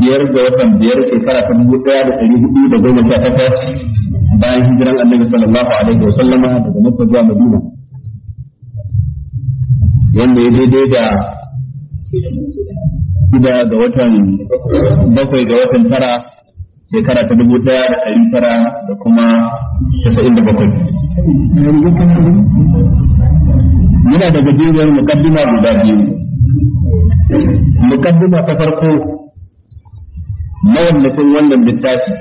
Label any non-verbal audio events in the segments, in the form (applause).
biyar ga watan biyar shekara ta dubu ɗaya da ɗari hudu da goma sha takwas bayan hijiran annabi sallallahu alaihi wa sallama daga Makka zuwa Madina wanda ya daidai da shida ga watan bakwai ga watan tara shekara ta dubu ɗaya da ɗari tara da kuma casa'in da bakwai. Muna da gajiyar mukaddima guda biyu. Mukaddima ta farko mawallafin wannan littafi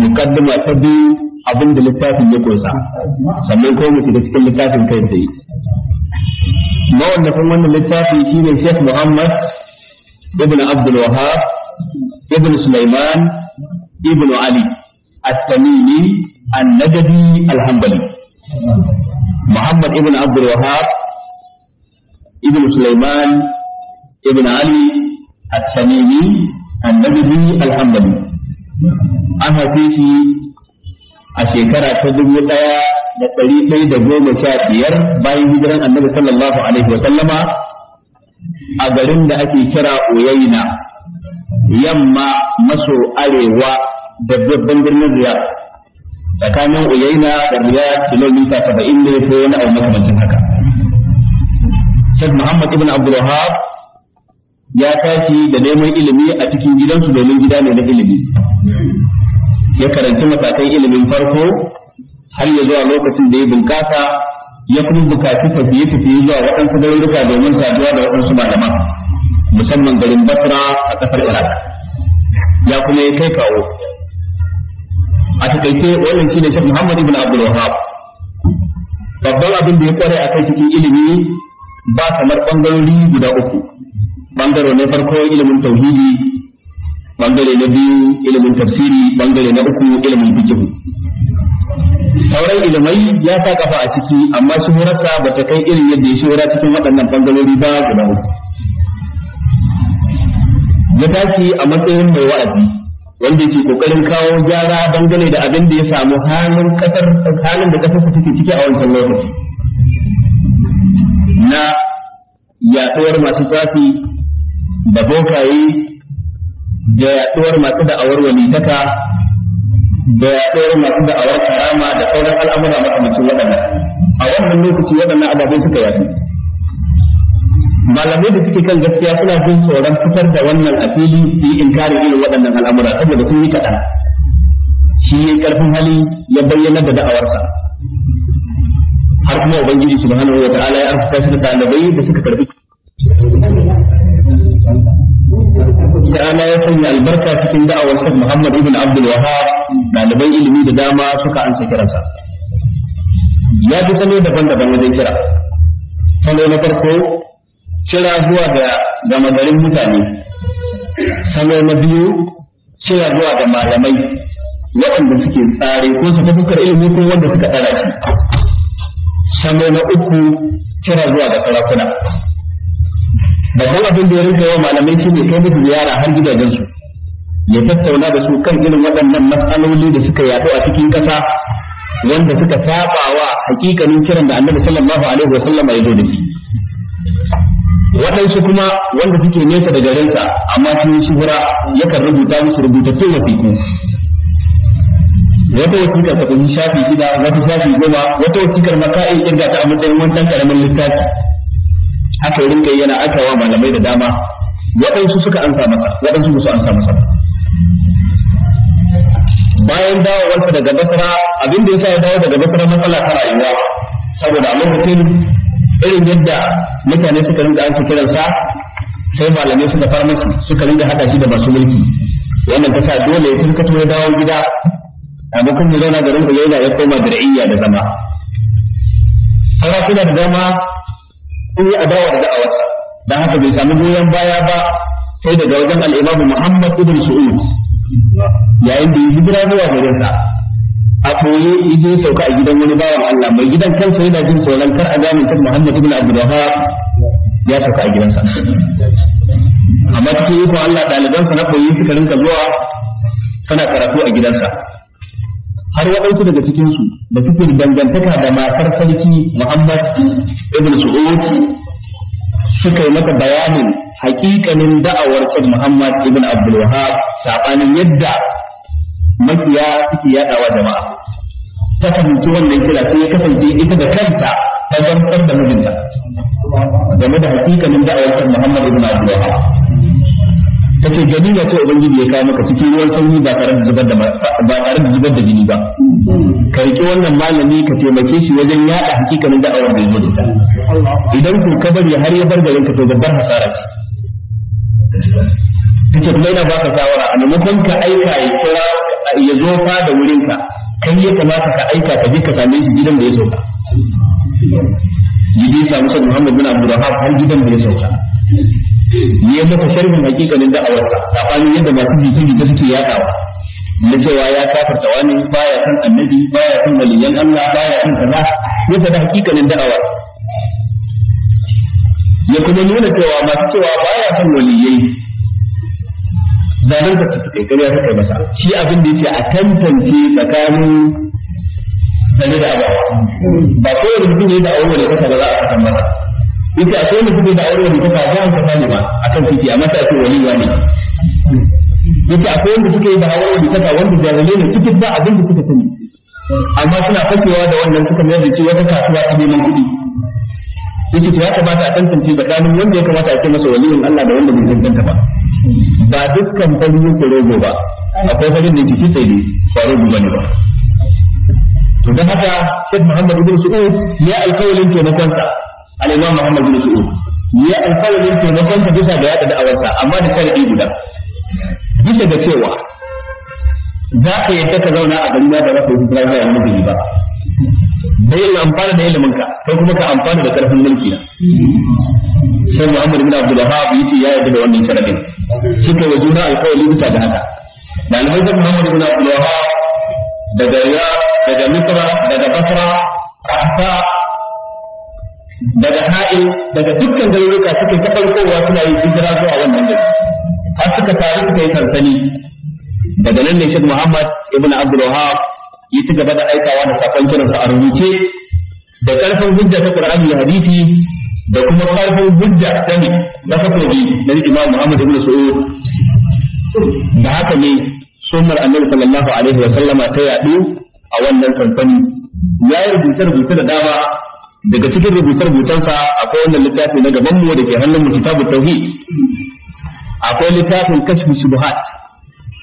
muqaddima ta biyu abin da littafin ya kunsa sannan ko mu shiga cikin littafin kai tsaye mawallafin wannan littafi shine Sheikh Muhammad ibn Abdul Wahhab ibn Sulaiman ibn Ali at-Tamimi النجدي الحنبلي محمد ابن عبد الوهاب ابن سليمان ali, علي التميمي annabi al-hanbali an haife shi a shekara ta dubu ɗaya da ɗari ɗaya da goma sha biyar bayan hijiran annabi sallallahu alaihi wa sallama a garin da ake kira Oyaina yamma maso arewa da babban birnin Riyadh tsakanin Oyaina da Riyadh kilomita saba'in ne ko wani abu makamancin haka Sheikh Muhammad ibn Abdul Wahab ya tashi da neman ilimi a cikin gidansu domin gida ne na ilimi ya karanci matakan ilimin farko har ya zuwa lokacin da ya bunkasa ya kuma bukaci tafiye-tafiye zuwa waɗansu garuruka domin saduwa da waɗansu malaman musamman garin basra a ƙasar iraq ya kuma ya kai kawo a takaice wannan ne shek muhammad ibn abdul wahab babban abin da ya kware a kai cikin ilimi ba kamar bangarori guda uku bangare na farko ilimin tauhidi bangare na biyu ilimin tafsiri bangare na uku ilimin fiqh sauran ilimai ya sa kafa a ciki amma shuhurarsa ba ta kai irin yadda ya shuhura cikin waɗannan bangarori ba guda uku ya tashi a matsayin mai wa'azi wanda yake kokarin kawo gyara dangane da abin da ya samu halin kasar halin da kasar take ciki a wancan lokaci na yaɗuwar masu tsafi da bokaye da yaduwar masu da'awar walitaka da yaduwar masu da'awar karama da sauran al'amura makamancin waɗannan a wannan lokaci waɗannan ababai suka yafi malamai da suke kan gaskiya suna jin tsoron fitar da wannan a fili su yi inkarin irin waɗannan al'amura saboda sun yi kaɗan shi ne ƙarfin hali ya bayyana da da'awarsa har kuma ubangiji subhanahu wa ta'ala ya arfuta shi da ɗalibai da suka karbi ta'ala ya sanya albarka cikin da'awar sa Muhammad ibn Abdul Wahhab ilimi da dama suka ansa kiransa ya fi salo daban-daban wajen kira salo na farko kira zuwa ga gama garin mutane salo na biyu kira zuwa ga malamai waɗanda suke tsare ko su fuskar ilimi ko wanda suka tsara shi salo na uku kira zuwa ga sarakuna kuma abin da ya rinka yawa malamai shine kai musu ziyara har gidajensu ya tattauna da su kan irin waɗannan matsaloli da suka yaɗu a cikin ƙasa wanda suka saba wa hakikanin kiran da annabi sallallahu alaihi wa sallama ya zo da shi waɗansu kuma wanda suke nesa da garinsa amma shi yi shuhura yakan rubuta musu rubutattun wasiƙu wata wasiƙar ta shafi shida wata shafi goma wata wasiƙar maka'i kirga ta a matsayin wancan ƙaramin littafi haka yi rinka yana wa malamai da dama waɗansu suka ansa masa waɗansu musu su ansa masa bayan dawowarsa daga basra abin da yasa ya dawo daga basra matsala ta rayuwa saboda a lokacin irin yadda mutane suka rinka ansa kiransa sai malamai suka fara masa suka rinka hada shi da masu mulki wannan ta sa dole ya turkato ya dawo gida a bakin mu zauna garin yana ya koma da ra'iyya da zama sarakuna da dama sun yi adawa da da'awarsa dan haka bai samu goyon baya ba sai daga wajen al-Imam Muhammad ibn su'ud yayin da ya hijira zuwa garin sa a koyi sauka a gidan wani bawan Allah mai gidan kansa yana jin tsoron kar a gane ta Muhammad ibn Abdul Wahhab ya sauka a gidansa amma cikin iko Allah ɗalibansa na koyi suka rinka zuwa suna karatu a gidansa har waɗansu daga cikinsu da cikin dangantaka da matar sarki Muhammad ibn Su'ud suka yi mata bayanin hakikanin da'awar Sayyid Muhammad ibn Abdul Wahhab sabanin yadda makiya suke yadawa jama'a ta fahimci wannan kira sai ya kasance ita da kanta ta gamsar da mijinta game da hakikanin da'awar Sayyid Muhammad ibn Abdul Wahhab gani ganima ce ubangiji ya kawo maka cikin ruwan sanyi ba tare da zubar da ba tare da zubar da jini ba ka riƙe wannan malami ka taimake shi wajen yaɗa hakikanin da'awar da yazo da ita idan ku ka bari har ya bar garin ka to babbar hasara ce kace kuma ina baka shawara a maimakon ka aika ya kira ya zo fa da wurin ka kai ya kamata ka aika ka je ka same shi gidan da ya sauka Gidan sa musa Muhammad bin abdurrahman har gidan da ya sauka ya mata sharhin hakikalin da'awarsa tsakanin yadda masu jikin da suke yakawa na cewa ya kafarta wani baya san annabi baya san waliyan Allah baya san kaza ya faɗa hakikalin da'awar ya kuma nuna cewa masu cewa baya san waliyai zanen da ta kai ya ta kai masa shi abin da yake a tantance tsakanin zane da abawa ba kowane mutum ne da awon wani kasa ba za a kasan masa yace akwai wanda kuma da aure wani ta ba an kafa ne ba akan titi amma ta ce waliwa ne yace akwai wanda suke da aure wani ta wanda jahilai ne cikin ba abin da suka sani amma suna fakewa da wannan suka mayar da cewa wata kasuwa a neman kuɗi yace ta ya kamata a tantance tsakanin wanda ya kamata a ce masa waliyin Allah da wanda bai tantance ba ba dukkan fari yake rogo ba akwai farin da yake sai ne ba rogo bane ba to dan haka Sheikh Muhammad Ibn Su'ud ya alƙawarin taimakon sa al'imam Muhammad bin Su'ud ya alfarin taimakon ta bisa ga yada da'awarsa amma da sharadi guda bisa da cewa za ka yadda ka zauna a gari ba da rafa yi tsirrai ya mulki ba da yin amfana da ilimin ka ko kuma ka amfana da karfin mulki na sai Muhammad bin Abdul Wahhab yace ya yadda da wannan sharadin suka wa juna alƙawari bisa da haka da da Muhammad bin Abdul daga ya daga Misra daga Basra Ahsa daga ha'il daga dukkan garuruka suka ta farkowa suna yin hijira zuwa wannan gari har suka taru suka yi sansani daga nan ne Sheikh Muhammad ibn Abdul Wahhab ya ci gaba da aikawa da sakon kiran sa a rubuce da karfin hujja ta Qur'ani da hadisi da kuma karfin hujja ta ne na fakobi na Imam Muhammad ibn Sa'ud da haka ne sunnar Annabi sallallahu alaihi wa sallama ta yadu a wannan sansani ya yi rubuce-rubuce da dama daga cikin rubuce-rubucensa akwai wannan littafi na gaban mu da ke hannun mu kitabu tauhid akwai littafin kashfu shubuhat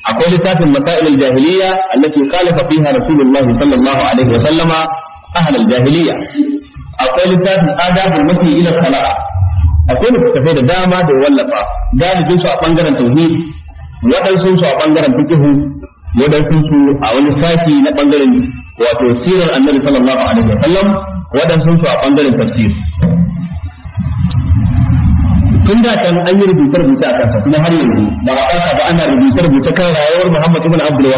akwai littafin masail al-jahiliya allati khalafa fiha rasulullah sallallahu alaihi wa sallama ahl al-jahiliya akwai littafin adabul mafi ila sala'a akwai littafai da dama da wallafa galibin su a bangaren tauhid waɗansu su a bangaren fiqh waɗansu su a wani sashi na bangaren wato sirar annabi sallallahu alaihi wa sallam waɗansu su a ɓangaren tafsir tun da can an yi rubuce rubuce a kansa kuma har yanzu ba a ƙasa ba ana rubuce rubuce kan rayuwar Muhammad ibn Abdul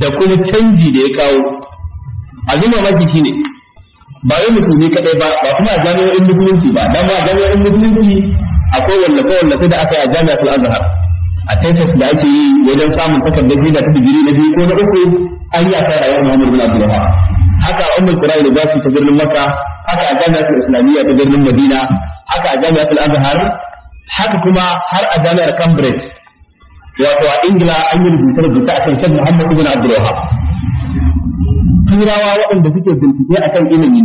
da kuma canji da ya kawo abin mamaki shine ba wai musulmi kadai ba ba kuma a jami'o'in musulunci ba dan ba jami'o'in musulunci akwai wallafe wallafe da aka yi a jami'atul azhar a Texas da ake yi wajen samun takardar da ta digiri na biyu ko na uku an yi a kan rayuwar Muhammad ibn Abdul haka ummul qura university ta birnin makka haka a jami'atul islamiyya ta birnin madina haka a jami'atul azhar haka kuma har a jami'ar cambridge wato a ingila an yi rubuce rubuce akan shaikh muhammad ibn abdul wahab turawa waɗanda suke bincike akan ilimi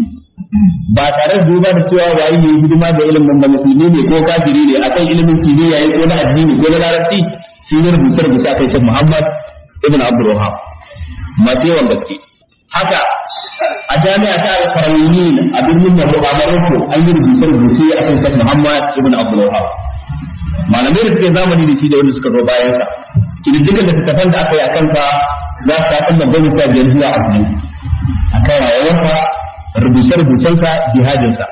ba tare da duba da cewa waye ne hidima ga ilimin da musulmi ne ko kafiri ne akan ilimin kimiyya ne ko na addini ko na larabci shi ne rubuce rubuce akan Sheikh Muhammad ibn Abdul Wahhab masu yawan gaske haka a jami'a ta al-Qarawiyyin a birnin Maroko a Maroko an yi rubuce-rubuce a kan Sheikh Muhammad ibn Abdul Wahhab malamai da suke zamani da shi da wanda suka zo bayan sa kididdigar da tattafan da aka yi a kansa za su ta da goma ta biyar zuwa ashirin a kan rayuwarsa rubuce-rubucensa jihadinsa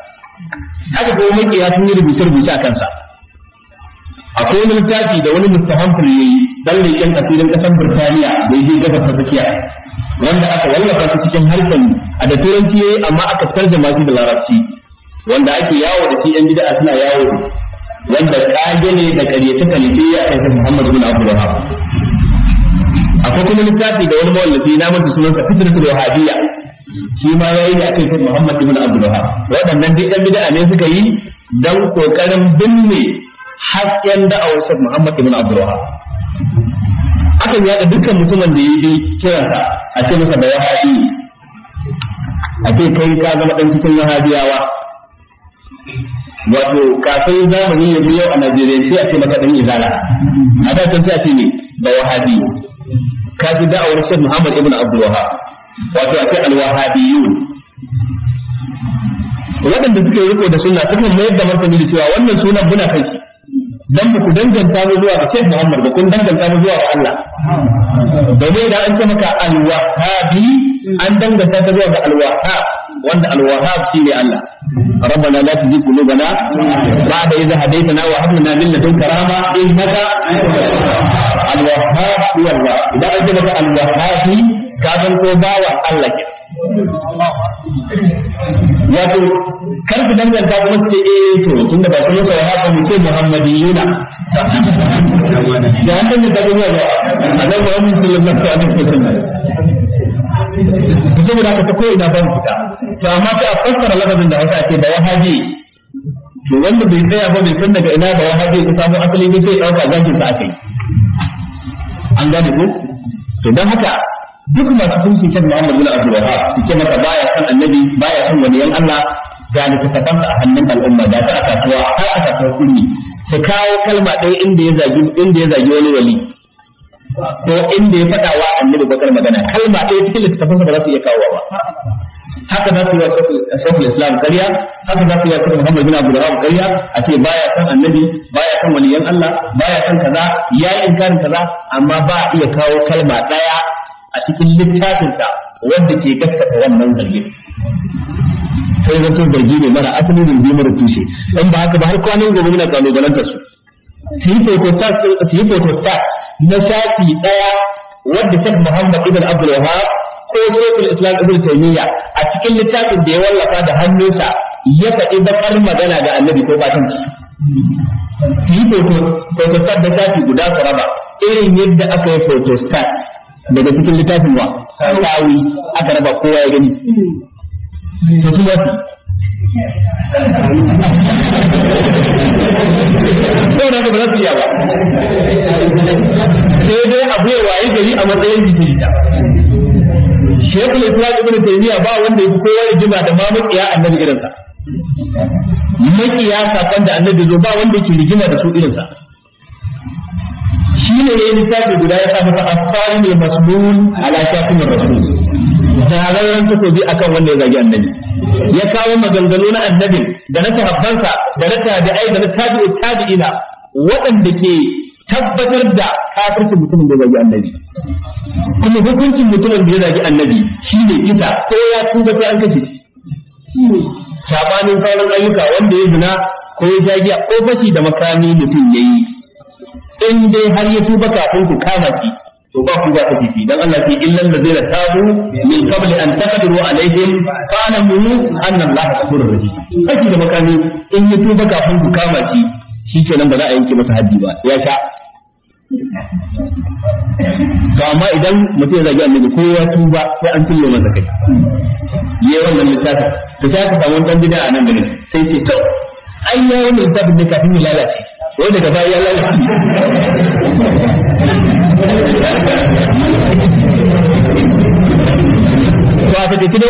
haka kuma makiya sun yi rubuce-rubuce a kansa akwai wani littafi da wani mustahamfur ya yi dan leƙen asirin ƙasar Birtaniya da ya je ta tsakiya wanda aka wallafa su cikin harshen a da turanci yayi amma aka tarjama masu da larabci wanda ake yawo da shi yan bid'a suna yawo wanda kage ne da karyata kalifiyya a kan Muhammad bin Abdul Wahhab akwai kuma littafi da wani mawallafi na mutu sunansa Fitratul Wahabiyya shi ma yayi ne akan kan Muhammad ibn Abdul Wahhab waɗannan duk gida bid'a ne suka yi dan kokarin binne hasken da'awar Sheikh Muhammad ibn Abdul Wahhab akan yada dukkan mutumin da ya je kiransa a ce masa da wahayi a ce kai ka zama dan cikin wahabiyawa wato kafin zamani ya zo yau a Najeriya sai a ce maka dan izala a da sai a ce ne da wahabi ka ji da'awar Sheikh Muhammad ibn Abdul Wahhab wato a ce al-wahabiyun waɗanda suke riko da sunna sukan mayar da martani cewa wannan sunan buna kai dan ku danganta mu zuwa ga Sheikh Muhammad ba kun danganta mu zuwa ga Allah dole da an ce maka al an danganta ta zuwa ga wanda al shi ne Allah rabbana la tuzigh qulubana ba'da idh hadaytana wa hab lana min ladunka rahma innaka al-wahhab huwa Allah idan an ce maka al-wahhabi ka san ko bawa Allah ke wato kar ku danganta kuma su ce eh to da ba kuma ya haka mu ce yuna da an danganta kuma ba Allah Muhammad sallallahu alaihi wasallam da haka ta ko ina ban fita to amma sai a fassara lafazin da aka ake da haji to wanda bai tsaya ba bai san daga ina da haji ku samu asali ne sai ya dauka zagin sa akai an gane ku to don haka duk masu kun suke Muhammad bin Abdul su ce masa baya san annabi baya san waliyan Allah ga littattafan a hannun al'umma da ta aka tuwa har aka tuwa kulli su kawo kalma ɗaya inda ya zagi inda ya zagi wani wali ko inda ya faɗa wa annabi bakar magana kalma ɗaya cikin littattafansa ba za su iya kawo ba haka za su yi wa shafin islam kariya. haka za su yi wa shafin muhammad bin abu rahman kariya a ce baya san annabi baya san waliyan allah baya san kaza ya yi inkarin kaza amma ba iya kawo kalma ɗaya a cikin littafinsa wanda ke gaskata wannan zargin sai zato zargi ne mara asali ne bi mara tushe in ba haka ba har kwanan gobe muna ta su su yi photostat na shafi daya wanda Sheikh Muhammad ibn Abdul Wahhab ko Sheikhul Islam ibn taymiya a cikin littafin da ya wallafa da hannunsa ya faɗi bakar magana da Annabi ko batanci su yi photostat da shafi guda su raba irin yadda aka yi photostat daga cikin littafin ba, sawi aka raba kowa ya gani to su wasu sau da ba za su iya ba sai dai abu ya waye gari a matsayin jikirita shekul islam ibn taymiya ba wanda ya fi kowa ya jima da mamukiya annabi irinsa makiya sakon da annabi zo ba wanda yake rigima da su irinsa shi ne lissafi littafi guda ya sa masa asfari ne masnun ala shafin rasul zararren bi akan wanda ya zagi annabi ya kawo maganganu na annabi da na sahabbansa da na tabi'ai da na tabi'u tabi'ina waɗanda ke tabbatar da kafircin mutumin da ya zagi annabi kuma hukuncin mutumin da ya zagi annabi shi ne kisa ko ya tuba sai an kashe sabanin sauran ayyuka wanda ya zina ko ya jagiya ko fashi da makami mutum ya yi in dai har ya tuba kafin ku kama ki to ba ku ba ta fifi dan Allah ke illal ladzina tabu min qabli an taqdiru alaihim mu anna Allah kafur rajim kake da makami in ya tuba kafin ku kama ki shikenan ba za a yanke masa haddi ba ya sha to amma idan mutum ya zagi annabi ko ya tuba sai an tilo masa kai yayi wannan littafi to sai ka samu dan a nan gari sai ce to ai yayi wannan littafin kafin ya lalace wai daga baya ya lalace to a tattace dai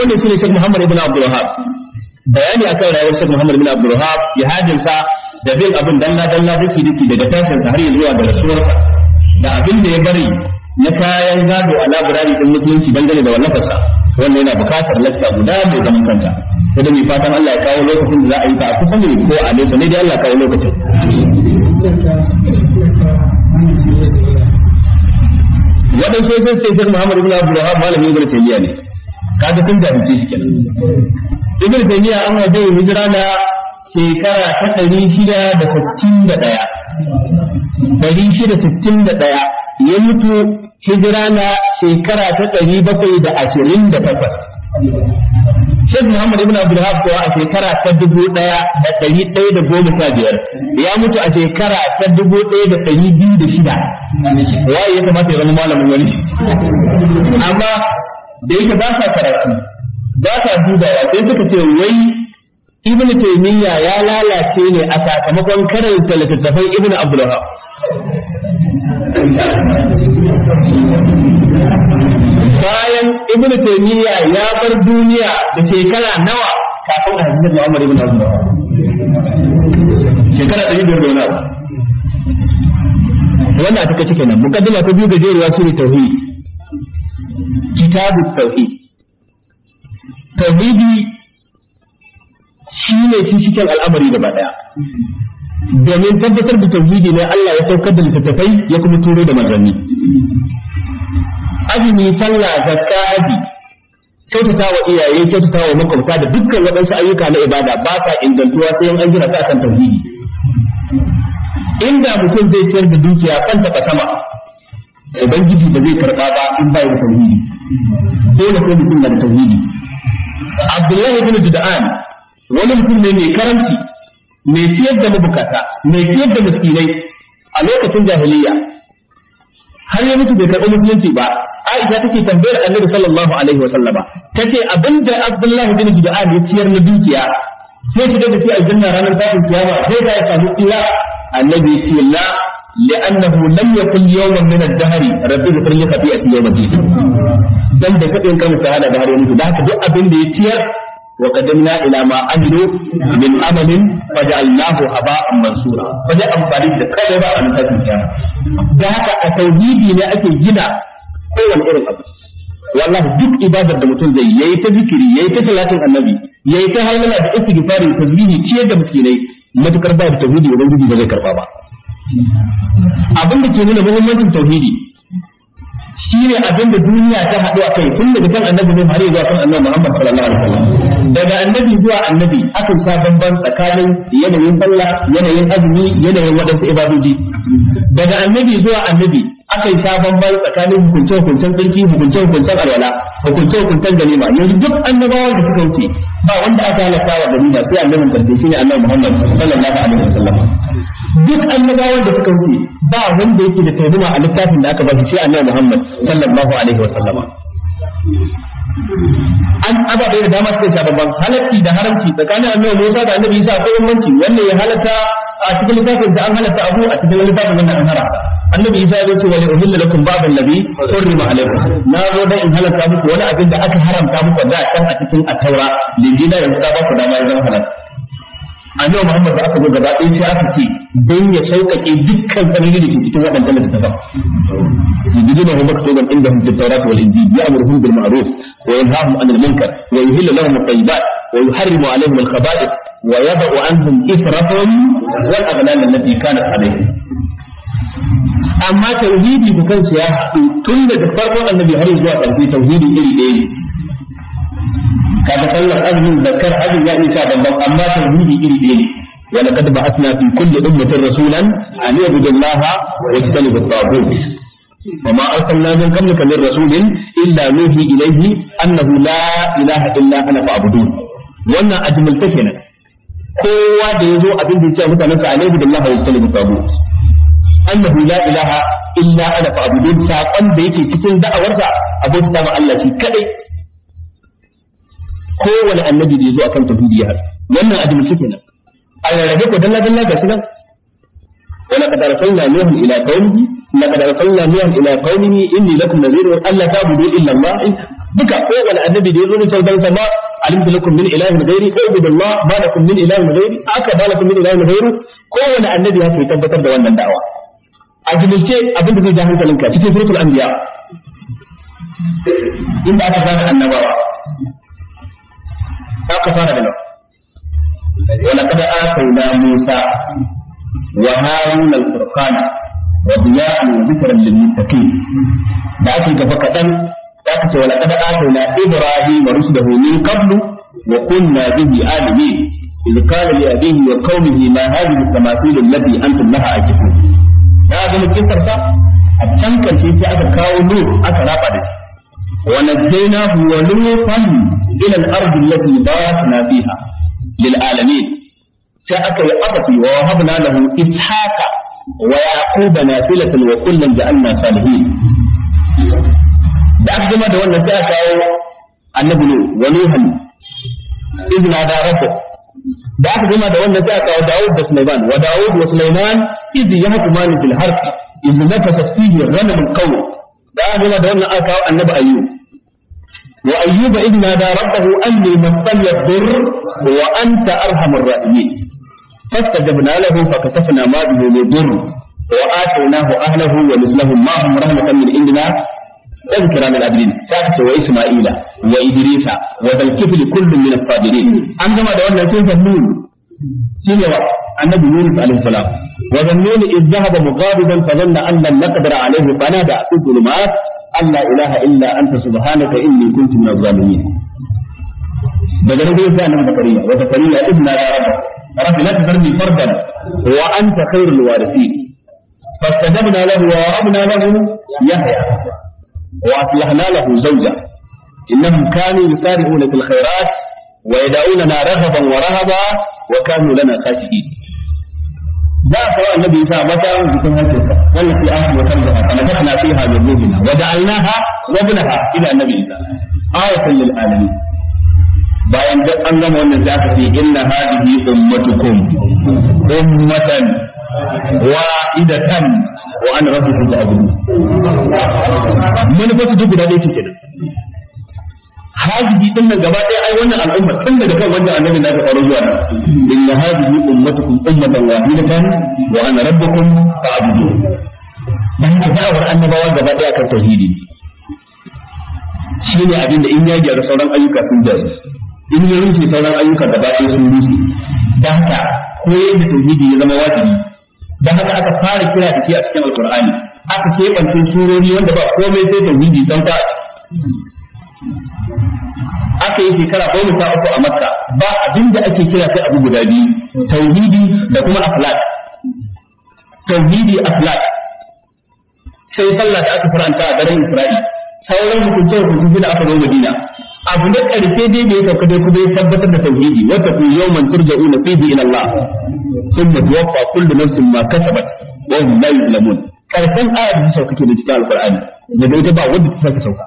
wannan shine Sheikh Muhammad ibn Abdul Wahhab bayani akan rayuwar Sheikh Muhammad ibn Abdul Wahhab jihadin da bin abin danna-danna, duki-duki, daga tashin ta har zuwa da rasuwarsa da abin da ya bari na kayan gado a laburari ɗin mutunci dangane da wallafarsa wannan yana bukatar lafiya guda mai zaman kanta sai da mai fatan Allah ya kawo lokacin da za a yi ba a kusa ne ko a nesa ne dai Allah kawo lokacin waɗansu sai sai sai Muhammadu ibn Abdul Wahab malamin Ibn Taymiyyah ne kaga kun jahilce shi kenan Ibn Taymiyyah an waje hijira da shekara ta ɗari shida da sittin da ɗaya ɗari shida sittin da ɗaya ya mutu hijira na shekara ta ɗari bakwai da ashirin da takwas Sheikh Muhammad ibn Abdul Wahab kuwa a shekara ta dubu ɗaya da ɗari ɗaya da goma sha biyar ya mutu a shekara ta dubu ɗaya da ɗari biyu da shida. Waye ya kamata ya zama malamin wani? Amma da yake ba sa karatu ba sa dubawa sai suka ce wai ibn taymiya ya lalace ne a sakamakon karanta littattafan ibn abdul wahab bayan ibn taymiya ya bar duniya da shekara nawa kafin a hadisin muhammad ibn abdul wahab shekara 500 da wannan ta kace kenan mukaddima ta biyu gajeruwa shine tauhid kitabut tauhid tauhidi shi ne cikin al'amari gaba daya domin tabbatar da tauhidi ne Allah ya saukar da littattafai ya kuma turo da manzanni azumi sallah zakka haji kyautata wa iyaye kyautata wa makwabta da dukkan waɗansu ayyuka na ibada ba sa ingantuwa sai an gina ta kan tauhidi inda mutum zai ciyar da dukiya kan taɓa sama ubangiji ba zai karɓa ba in ba da tauhidi dole sai mutum na da tauhidi Abdullahi bin Juda'an wani mutum ne mai karanci mai siyar da mabukata mai siyar da miskinai a lokacin jahiliya har ya mutu bai karɓi musulunci ba Aisha take tambayar Annabi sallallahu alaihi wa sallama tace abinda Abdullahi bin Jubair ya ciyar na dukiya sai ki da shi aljanna ranar tashin kiyama sai da ya samu tsira Annabi ya ce la لأنه لم يكن rabbi da الدهر yi kafi a خطيئتي يوم الدين dan da kadin kan shahada da har yanzu da haka duk abin da ya ciyar وقدمنا الى ما عملوا من عمل فجعلناه هباء منصورا فجاء amfani da kai ba a lokacin kiyama da haka a tauhidi ne ake gina kowane irin abu wallahi duk ibadar da mutum zai yayi ta zikiri yayi ta salatin annabi yayi ta halala da istighfari tasbihi ciyar da miskinai matukar ba da tauhidi ubangiji ba zai karɓa ba abin da ke nuna muhimmancin tauhidi ne abin da duniya ta haɗu a kai tun daga kan annabi ne har zuwa kan annabi Muhammad sallallahu alaihi wasallam daga annabi zuwa annabi akan sa bamban tsakanin yanayin sallah yanayin azumi yanayin wadansu ibadoji daga annabi zuwa annabi aka yi sabon bai tsakanin hukunce-hukuncen sarki hukunce-hukuncen alwala hukunce-hukuncen ganima yanzu duk annabawan da suka wuce ba wanda aka halaka da ganima sai annabin shi ne annabi Muhammad sallallahu alaihi wasallam duk annabawan da suka wuce ba wanda yake da tarjuma a littafin da aka ba shi sai annabi Muhammad sallallahu alaihi wasallam an ababai da dama suka shafa ban halatti da haramci tsakanin annabi Musa da annabi Isa akwai ummanci wanda ya halatta a cikin littafin da an halatta abu a cikin littafin wannan an hara annabi Isa ya ce wa li uhilla lakum ba'd alladhi hurrima alaykum na zo da in halatta muku wani abin da aka haramta muku da kan a cikin at-taura da yanzu ta ba ku dama idan halatta annabi Muhammad da aka zo gaba ɗaya sai aka ce don ya sauƙaƙe dukkan tsanani da ke cikin waɗannan littattafan yujiduna hum maktuban indahum fit tawrat wal injil ya'muruhum bil ma'ruf wa yanhahum 'anil munkar wa yuhillu lahum at-tayyibat wa yuharrimu 'alayhim al-khaba'ith wa yad'u 'anhum israfahum wal aghlal allati kanat 'alayhim amma tauhidi da kansa ya haɗu tun daga farkon annabi har zuwa ƙarfi tauhidi iri ɗaya ne kaga sallar azumin zakkar azumi ya isa daban amma tauhidi iri ɗaya ne ولقد بعثنا في كل أمة رسولا أن يعبدوا الله ويجتنبوا الطاغوت وما أرسلنا من قبلك من rasulin illa nuhi إليه أنه لا ilaha illa أنا فاعبدون Wannan أجمل تكنا kowa da ya zo abin da ya ce mutanen sa billah wa sallam tabu annahu la ilaha illa ana fa abudun da yake cikin da'awarsa abin da ma Allah shi kadai kowane annabi da ya zo akan tauhidi ya haɗu wannan ajin suke nan a rarrabe ko dalla dalla ga sunan wala qad arsalna nuhan ila qaumihi laqad arsalna nuhan ila qaumihi inni lakum nadhirun alla ta'budu illa allah duka kowane annabi da ya zo ne tauhidin sa ma alimtu lakum min ilahin ghairi ubudu allah ma lakum min ilahin ghairi aka ba lakum min ilahin ghairi kowane annabi ya tabbatar da wannan da'awa a jimilce abin da zai ja hankalinka cikin suratul anbiya inda aka fara annabawa haka fara da Musa آتينا موسى وهارون wa وضياء وذكرا للمتقين da ake gaba kaɗan za ka ce walaƙada atayna ibrahim wa rusulahu min qablu wa kunna bihi alimin idh qala li abihi wa qaumihi ma hadhihi tamathil allati antum laha akifun da ga mutum sarsa a can karshe sai aka kawo nur aka raba da shi wa najjaynahu wa lutan إلى الأرض التي باركنا فيها للعالمين فأكي أبطي ووهبنا له إسحاق ويعقوب نافلة وكلا جعلنا صالحين بعد ما دولنا فأكي النبل ونوحا ابن هذا ربه بعد ما تولى فأكي داوود وسليمان وداوود وسليمان إذ يهكمان في الحرق إذ نفس فيه غنم القوم بعد ما تولى أكي النبي أيوب وأيوب إذ نادى ربه أني مسني الضر وأنت أرحم الراحمين فاستجبنا له فكشفنا ما به من ضر وآتيناه أهله ومثلهم معهم رحمة من عندنا اذكر من الأبرين ساكت وإسماعيل وإدريس وذا الكفل كل من الصابرين عندما دعونا كيف النون سنوى النبي يونس عليه السلام وذنون إذ ذهب مغاضبا فظن أن لن نقدر عليه فنادى في الظلمات an la ilaha illa anta subhanaka inni kuntu min adh-dhalimin daga nan sai annabi zakariya wa zakariya ibna ya rabba rabbi la tadharni fardan wa anta khairul warithin فاستجبنا له ووهبنا له يحيى واصلحنا له زوجه انهم كانوا يسارعون في الخيرات ويدعوننا رغبا ورهبا وكانوا لنا خاشعين da aka wa annabi ta mata mutum hakinsa والتي أهل وكلبها فنفخنا فيها من روحنا وجعلناها وابنها إلى النبي إذا آية للعالمين bayan duk an gama wannan sai aka ce inna hadihi ummatukum ummatan wa'idatan wa an rabbukum ta'budun mun fa su guda ɗaya kenan hadhihi din nan gaba ɗaya ai wannan al'umma tun daga kan wanda annabi na ga faru zuwa nan inna hadhihi ummatukum ummatan wahidatan wa ana rabbukum fa'budun dan haka da'awar annabawa gaba ɗaya kan tauhidi shine abin da in ya gyara sauran ayyuka sun jaru in ya rinci sauran ayyuka gaba ɗaya sun rushe dan haka koyar da tauhidi ya zama wajibi dan haka aka fara kira da shi a cikin alqur'ani aka keɓance surori wanda ba komai sai tauhidi dan ka aka yi shekara goma ta uku a makka ba abin da ake kira sai abu guda biyu tauhidi da kuma akhlaq tauhidi akhlaq sai sallah da aka faranta a garin isra'i sauran hukunce hukunce da aka zo madina abu da karfe dai da ya sauka dai ya tabbatar da tauhidi wata ku yawman turja'una fihi ila Allah thumma tuwaffa kullu nafsin ma kasabat wa hum la yuzlamun karshen da sauka ke da cikin alqur'ani da ita ba wanda ta sauka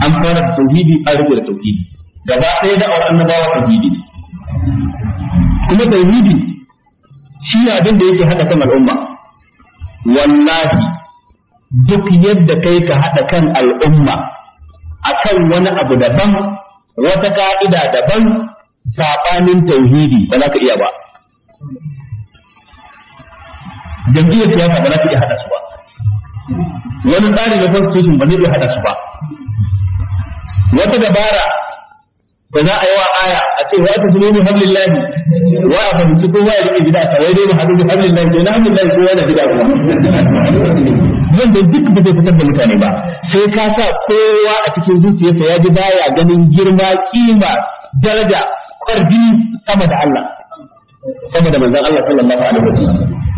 an fara da tauhidi an da tauhidi gaba ɗaya da awar annabawa tauhidi ne kuma tauhidi shi ne abin da yake haɗa kan al'umma wallahi duk yadda kai ka haɗa kan al'umma akan wani abu daban wata ka'ida daban saɓanin tauhidi ba za ka iya ba jam'iyyar siyasa ba za ka iya haɗa su ba wani tsari na constitution ba zai iya hada su ba wata dabara da za a yi wa aya a ce wa ta zuno min hablillahi wa a fahimci kowa ya rike gida ta wai mu hadu min hablillahi to na hablillahi ko na gida kuma zan da duk ba zai fitar da mutane ba sai ka sa kowa a cikin zuciyarsa ya ji baya ganin girma kima daraja kwarbi sama da Allah sama da manzon Allah sallallahu alaihi wasallam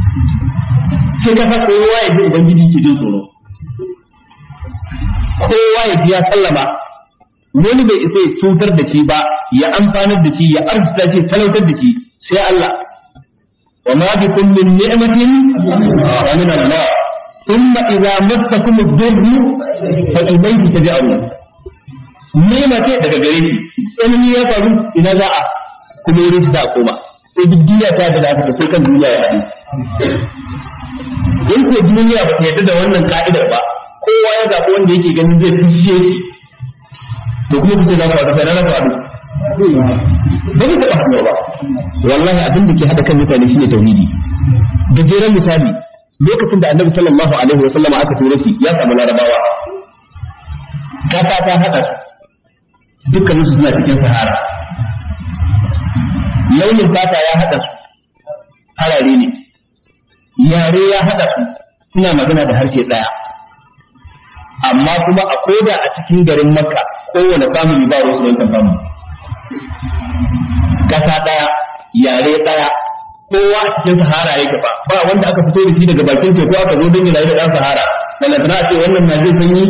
sai ka sa kowa ya ji ubangiji ke jin tsoro kowa ya ji ya sallama wani bai isa ya cutar da shi ba ya amfanar da shi ya arzuta shi talautar da shi sai Allah wa ma bi kullin ni'matin fa min Allah thumma idza massakum ad-durru fa ilayhi taj'alun ni'ma ce daga gare shi tsanani ya faru ina za a kuma yi rufi rinta koma sai duk duniya ta da lafiya sai kan duniya ya haɗu don ko duniya ba ta yarda da wannan ka'idar ba kowa ya zaɓi wanda yake ganin zai fishe shi to kuma kuce za ku haɗu sai na faɗu ba zai taɓa haɗuwa ba wallahi abin da ke haɗa kan mutane shine tauhidi gajeren misali lokacin da annabi sallallahu alaihi wa sallama aka tura shi ya samu larabawa kasa ta haɗa su su suna cikin sahara launin fata ya haɗa su harare ne yare ya haɗa su suna magana da harshe ɗaya amma kuma a koda a cikin garin makka kowane famili ba wasu yankan famili ƙasa ɗaya yare ɗaya kowa a cikin sahara ya kafa ba wanda aka fito da shi daga bakin teku aka zo don yana da ɗan sahara balantana a ce wannan na zai sanyi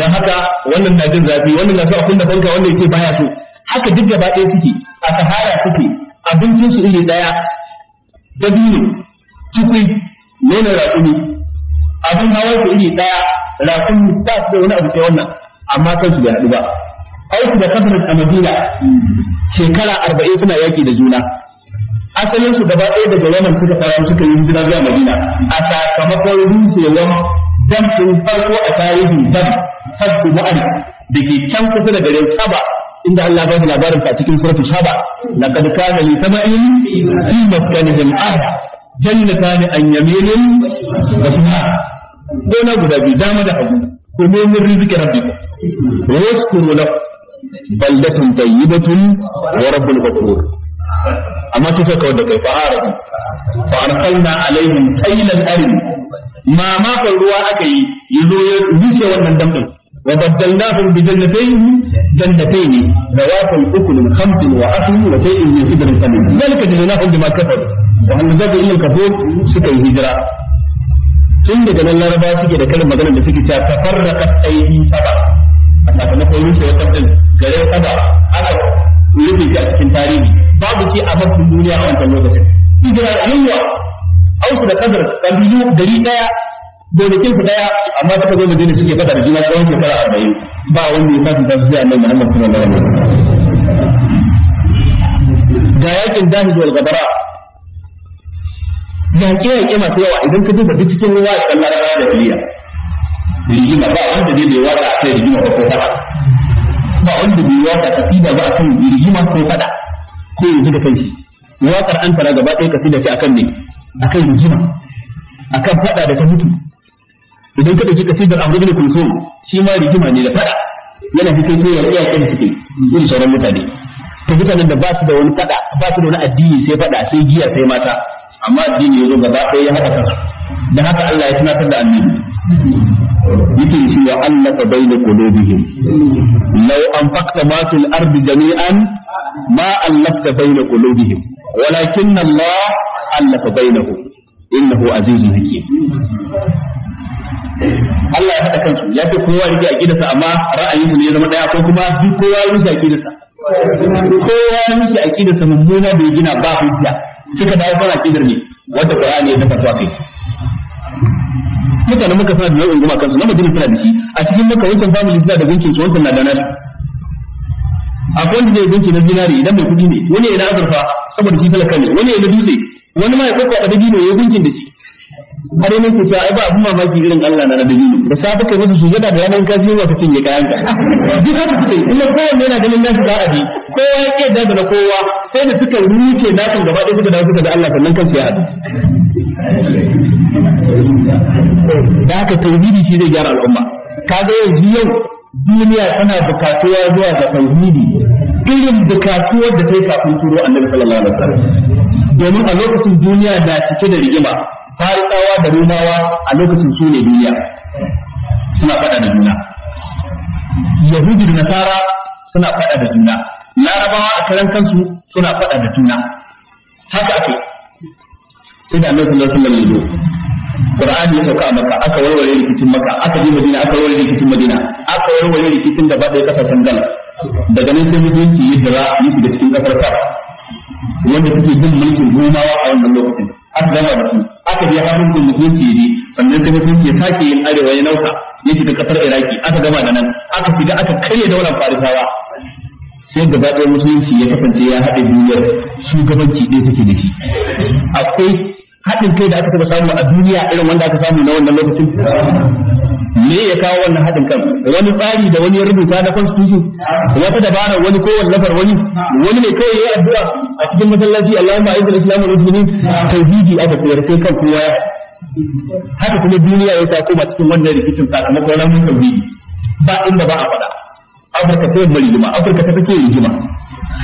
don haka wannan na jin zafi wannan na so a kunna fanka wanda yake baya so haka duk gaba ɗaya suke a sahara suke abincin su iri ɗaya dabino tukui mena raƙumi abin hawa su iri ɗaya raƙumi ta su da wani abu sai wannan amma kansu bai haɗu ba aiki da kafirin a madina shekara arba'in suna yaƙi da juna asalin su gaba ɗaya daga yaman suka fara suka yi hijira zuwa madina a sakamakon dan sun farko a tarihin dan sabbi mu'ari da ke can kusa da garin saba inda Allah ba mu labarin ta cikin suratul saba laqad kana li sama'in fi maskanihim aya jannatani an yaminin wa shimal gona guda biyu dama da hagu ko min rizqi rabbikum wa yaskuru lahu baldatun tayyibatun wa rabbul ghafur amma kisa kawai da kai fa'ara fa arsalna alaihim taylan arim ma makon ruwa aka yi yazo ya rushe wannan damdin وبدلناهم بجنتين جنتين ذوات الاكل من خمس واصل وشيء من سدر قليل ذلك جزيناهم بما كفروا وهل نزاد الا الكفور سكي هجرة tun daga nan laraba suke da karin maganar da suke cewa tafarraqa aidi saba a sakamakon rushe wata din garin saba ana rufe shi a cikin tarihi babu ce a mafi duniya a wancan lokacin hijira yawa auku da kadar kabilu dari daya gonakin su daya amma suka zo Madina suke fada da juna tsawon shekara 40 ba wanda ya fasu tasu sai Annabi Muhammad sallallahu alaihi wasallam ga yakin Dahid wal Gabara yaƙe yaƙe masu yawa idan ka duba duk cikin ruwa da Allah da Aliya rigima ba wanda zai bai waka akai rigima ko fada ba wanda bai waka kasida ba a akan rigima ko fada ko yanzu da kai wakar an tara gaba ɗaya kasida ce akan ne akan rigima kan fada da ta mutu idan ka dauki kasidar amru bin kulsum shi ma rigima ne da fada yana cikin ya iya kai suke su sauran mutane ta mutanen da ba su da wani fada ba su da wani addini sai fada sai giya sai mata amma addini ya zo gaba sai ya haɗa kansu dan haka Allah ya tunatar da annabi yake cewa Allah ta bayyana qulubihim law anfaqta ma fil ardi jami'an ma allafta bayyana qulubihim walakin Allah allafa bainahum innahu azizun hakim Allah ya haɗa kansu ya fi kowa rike gidansa amma ra'ayinsu ne ya zama ɗaya, ko kuma duk kowa ya a gidansa. kowa ya a gidansa mummuna bai gina ba hujja suka dawo fara kidar ne wanda Qur'ani ya dafa su kai mutane muka suna da nau'in goma kansu na majalisar suna da shi a cikin muka, wancan family suna da gunkin su wancan na da nasu A wanda zai gunki na zinari idan mai kuɗi ne wani ya na azurfa saboda shi talaka ne wani ya na dutse wani ma ya kwakwa dabi ne ya gunkin da shi har yi nufi cewa ba abin mamaki irin Allah na nabi yini da safe kai musu sujada da ranar kafi wa kacin ya kayan ka duk haka suke kuma kowanne yana ganin nasu za a bi kowa ya ke da na kowa sai da suka rike nasu gaba ɗaya suka dawo suka da Allah sannan kansu ya haɗu da haka tauhidi shi zai gyara al'umma kaga yanzu yau duniya tana bukatuwa zuwa ga tauhidi irin bukatuwar da ta yi kafin turo annabi sallallahu alaihi wasallam domin a lokacin duniya na cike da rigima farisawa da rumawa a lokacin su ne duniya suna faɗa da juna yahudi da nasara suna faɗa da juna larabawa a karan kansu suna faɗa da juna haka ake sai da annabi sallallahu alaihi wasallam Qur'ani ya sauka a Makka aka warware rikicin Makka aka je Madina aka warware rikicin Madina aka warware rikicin da ba da kasashen Gal daga nan sai yadda za a yi da cikin kasar Ka wanda take jin mulkin rumawa a wannan lokacin addaba da aka je hannun da musulunci ne sannan sai musulunci ya sake yin arewa ya nauka ya shiga kasar iraki aka gama da nan aka shiga aka karya da farisawa sai da ɗaya musulunci ya kasance ya haɗe duniyar shugabanci ɗaya take da shi akwai haɗin kai da aka taɓa samu a duniya irin wanda aka samu na wannan lokacin me ya kawo wannan haɗin kan wani tsari da wani ya rubuta na constitution wata dabara wani ko wani wani wani ne kawai yayi addu'a a cikin masallaci Allahumma a'izzil islam wal muslimin tauhidi a koyar sai kan kowa haka kuma duniya ya ta koma cikin wannan rikicin sakamakon ramin tauhidi ba inda ba a faɗa Afirka ta yamma rigima Afirka ta take rigima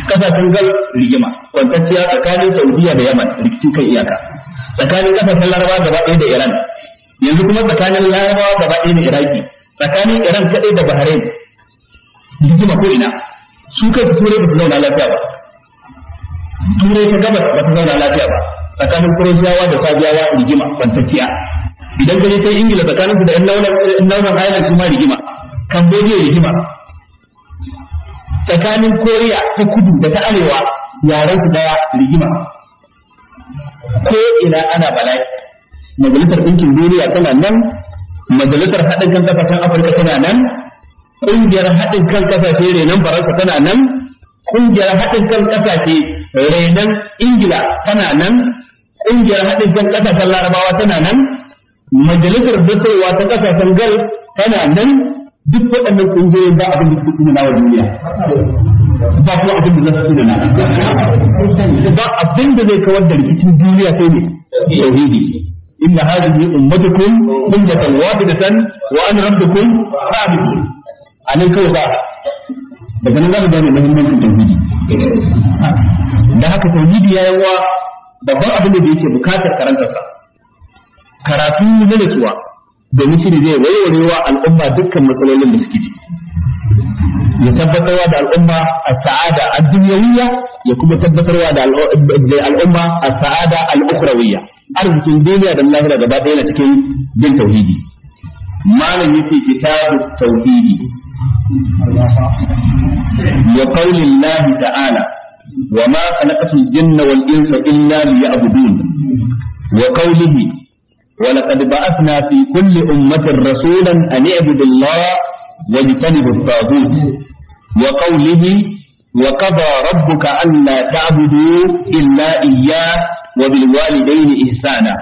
Ƙasa kasashen gal rigima kwantacciya tsakanin Saudiya da Yaman rikicin kan iyaka tsakanin kasashen Laraba gaba ɗaya da Iran yanzu kuma tsakanin larabawa gaba ɗaya da iraki tsakanin iran kaɗai da bahrain rigima ko ina su kai turai ba su zauna lafiya ba turai ta gabas ba ta zauna lafiya ba tsakanin kuroshiyawa da sabiyawa rigima tafiya. idan gani sai ingila tsakanin su da yan launin island su ma rigima cambodia rigima tsakanin koriya ta kudu da ta arewa yaren su daya rigima ko ina ana bala'i majalisar ɗinkin duniya tana nan majalisar haɗin kan ƙasashen afirka tana nan ƙungiyar haɗin kan ƙasashe renon faransa tana nan ƙungiyar haɗin kan ƙasashe renon ingila tana nan ƙungiyar haɗin kan ƙasashen larabawa tana nan majalisar dattawa ta ƙasashen gal tana nan duk waɗannan ƙungiyoyin ba abin da suke tuna wa duniya ba kuma abin da za su na ba abin da zai kawar da rikicin duniya sai ne tauhidi inna hadhihi ummatukum ummatan wahidatan wa ana rabbukum fa'budun anan kawai ba daga nan za mu gane muhimmancin tauhidi da haka tauhidi ya yawa babban abin da yake bukatar karanta sa karatu na nutsuwa domin shi ne zai waiwarewa al'umma dukkan matsalolin da suke ciki ya tabbatarwa da al'umma a sa'ada ya kuma da al'umma a sa'ada al arzikin duniya da lahira gaba ɗaya na cikin bin tauhidi malam yace kitabu tauhidi wa qaulillahi ta'ala wa ma khalaqatul jinna wal insa illa liya'budun wa qaulihi wa laqad ba'athna fi kulli ummatin rasulan an i'budu Allah wa yajtanibu at-taghut wa qaulihi وقضى ربك ألا تعبدوا إلا إياه وبالوالدين إحسانا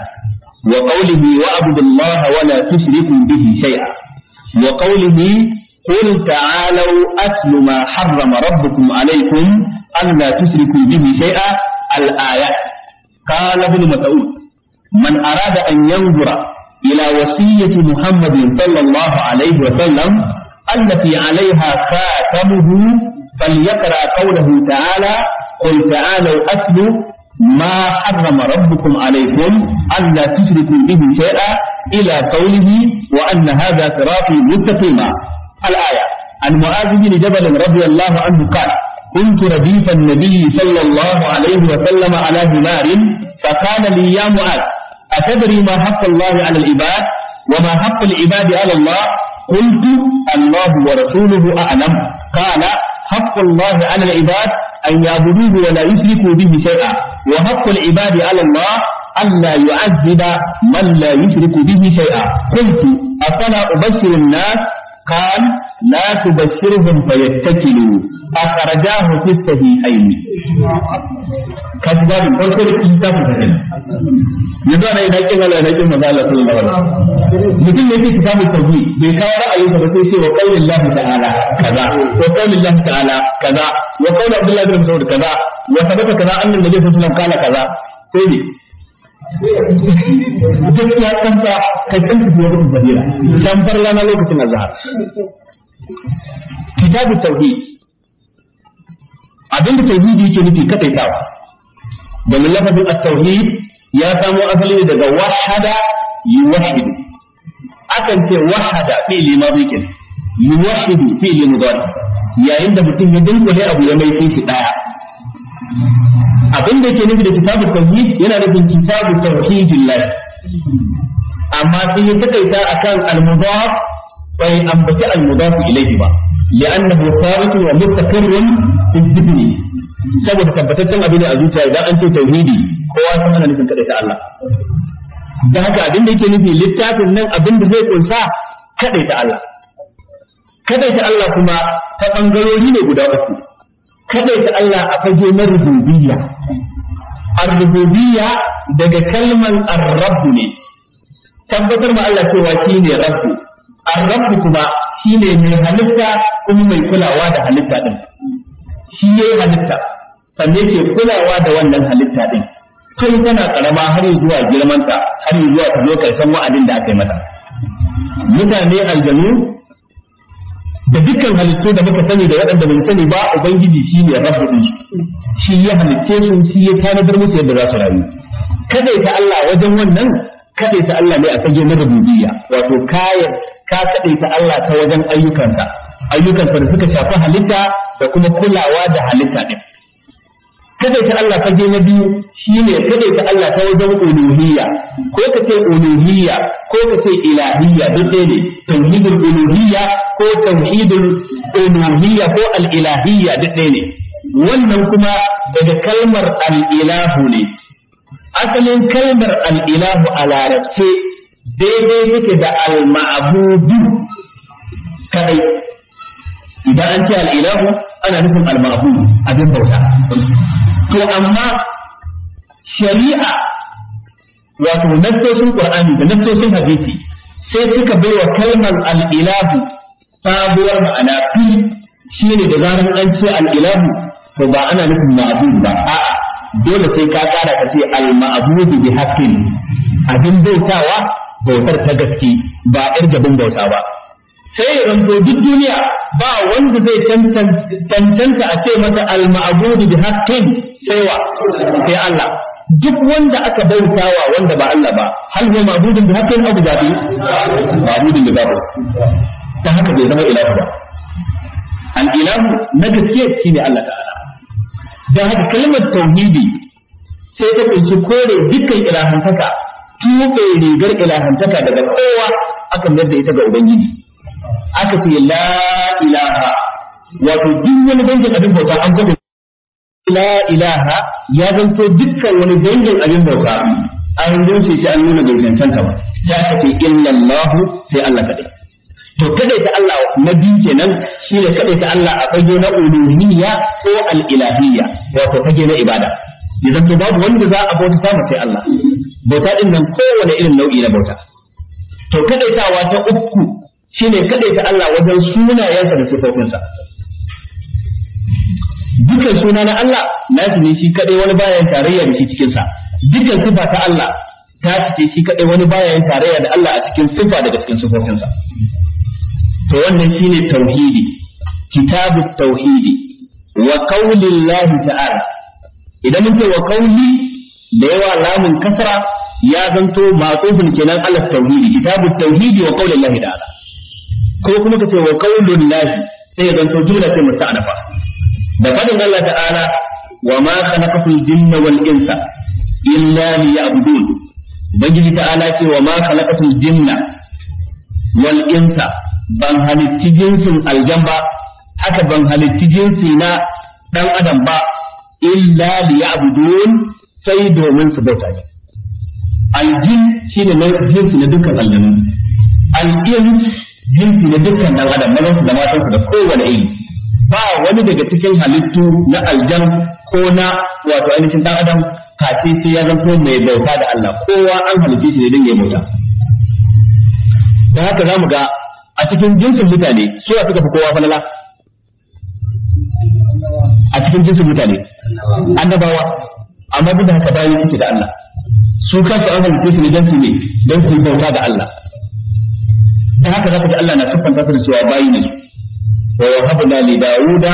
وقوله واعبد الله ولا تشركوا به شيئا وقوله قل تعالوا أتل ما حرم ربكم عليكم ألا تشركوا به شيئا الآيات قال ابن مسعود من أراد أن ينظر إلى وصية محمد صلى الله عليه وسلم التي عليها خاتمه فليقرأ قوله تعالى قل تعالوا أتلوا ما حرم ربكم عليكم ألا تشركوا به شيئا إلى قوله وأن هذا صراطي مستقيما الآية عن معاذ بن جبل رضي الله عنه قال كنت رديف النبي صلى الله عليه وسلم على همار فقال لي يا معاذ أتدري ما حق الله على العباد وما حق العباد على الله قلت الله ورسوله أعلم قال حق الله على العباد أن يعبدوه ولا يشركوا به شيئا وحق العباد على الله ألا يعذب من لا يشرك به شيئا قلت أفلا أبشر الناس قال لا تبشرهم فيتكلوا أخرجاه في الصحيحين كان باب الفرق الكتاب الفقهي yanzu ana yana kin Allah yana kin manzo Allah sallallahu alaihi wasallam mutum ne yake kitabul tauhid bai kawo ra'ayi ba sai ce wa qaulin Allah ta'ala kaza wa qaulin Allah ta'ala kaza wa qaul Abdullah bin Mas'ud kaza wa sabata kaza annabi sallallahu alaihi wasallam qala kaza sai ne Duk ya tsantsa kai tsantsa kuma rukun fadila dan farla na lokacin azhar kitabu tauhid abinda tauhidi yake nufi kadaitawa domin lafazin at-tauhid ya samo asali daga wahada yuwahid akan ce wahada fi'li madhi kin yuwahidu fi'li mudari yayin da mutum ya dinkule abu ya mai shi daya abin da yake nufi da kitabut tauhid yana nufin kitabut tauhidillah amma sai ya takaita akan al-mudaf bai ambaci al-mudaf ilayhi ba li'annahu thabit wa mustaqirrun fi dhikri saboda tabbataccen abin a zuciya idan an ce tauhidi kowa san ana nufin kadaita Allah da haka abin da yake nufi littafin nan abin da zai kunsa kadaita Allah kadaita Allah kuma ta bangarori ne guda uku kadai ta Allah a fage na rububiyya ar-rububiyya daga kalmar ar-rabb ne tabbatar ma Allah cewa shi ne rabbu ar-rabb kuma shi ne mai halitta kuma mai kulawa da halitta din shi yayi halitta sannan ke kulawa da wannan halitta din kai tana karama har zuwa girmanta har zuwa ta zo karshen wa'adin da aka yi mata mutane aljanu da dukkan halittu da muka sani da waɗanda bai sani ba ubangiji shi ne shi ya halitte su shi ya tanadar musu yadda za su rayu kadai ta Allah wajen wannan kadai ta Allah ne a fage na rububiyya wato kayan ka kadai ta Allah ta wajen ayyukansa ayyukansa da suka shafi halitta da kuma kulawa da halitta din kadaita Allah fage na biyu shine kadaita Allah ta wajen uluhiyya ko ka ce uluhiyya ko ka ce ilahiyya duk ne tauhidul uluhiyya ko tauhidul uluhiyya ko al-ilahiyya duk ne wannan kuma daga kalmar al-ilahu ne asalin kalmar al-ilahu a larabce daidai take da al-ma'budu kadai idan an ce al-ilahu ana nufin al-ma'bud abin bauta to amma shari'a wato nassosin qur'ani da nassosin hadisi sai suka bai wa kalmar al'ilahu sabuwar ma'ana fi shi ne da zarar an ce al'ilahu to ba ana nufin ma'abud ba a'a dole sai ka kara ka ce al-ma'budu bi haqqin abin bautawa bautar ta gaske ba ɗar gaban bauta ba sai ya ranto duk duniya ba wanda zai tantanta a ce masa al-ma'budu bi haqqin sai wa sai Allah duk wanda aka bautawa wanda ba Allah ba hal huwa ma'budun bi haqqin aw bi zabi ma'budun bi babu dan haka bai zama ilahu ba al ilahu na gaskiya shine Allah ta'ala dan haka kalmar tauhidi sai ta kunshi kore dukkan ilahantaka tuɓe rigar ilahantaka daga kowa aka mayar da ita ga ubangiji aka ce la ilaha wato duk wani dangin abin bauta an gwada la ilaha ya zanto dukkan wani dangin abin bauta an rinse shi an nuna bai cancanta ba ya kace illallahu sai Allah kadai to kadai ta Allah na biyu kenan shine kadai ta Allah a fage na uluhiyya ko al-ilahiyya wato fage na ibada ya zanto babu wanda za a bauta samu sai Allah bauta din nan kowane irin nau'i na bauta to kadaitawa ta uku shine ta Allah wajen sunayensa da sifofinsa dukan suna na Allah nasu ne shi kadai wani bayan tarayya da shi cikin sa dukan sifa ta Allah ta ce shi kadai wani bayan tarayya da Allah a cikin sifa daga cikin sifofin sa to wannan shine tauhidi kitabut tauhidi wa qaulillahi ta'ala idan mun ce wa qauli da yawa lamun kasra ya zanto maqufun kenan Allah tauhidi kitabut tauhidi wa qaulillahi ta'ala ko kuma kace wa qaulillahi sai ya zanto jumla ce musta'nafa da faɗin Allah ta'ala wa ma khalaqatul jinna wal insa illa liya'budun ubangiji ta'ala ce wa ma khalaqatul jinna wal insa ban halitti jinsin aljan ba haka ban halitti jinsi na dan adam ba illa liya'budun sai domin su bauta ne aljin shine na jinsi na dukkan aljanu al-ins jinsi na dukkan dan adam mazan su da matan su da kowane iri ba wani daga cikin halittu na aljan ko na wato ainihin dan adam kace sai ya zanto mai bauta da Allah kowa an halitta shi ne don ya bauta dan haka zamu ga a cikin jinsin mutane su suka fi kowa falala a cikin jinsin mutane annabawa amma duk da haka bayan suke da Allah su kansu an halitta shi ne don su ne don su bauta da Allah dan haka zaka ji Allah na siffanta su da cewa bayi ne ووهبنا لداود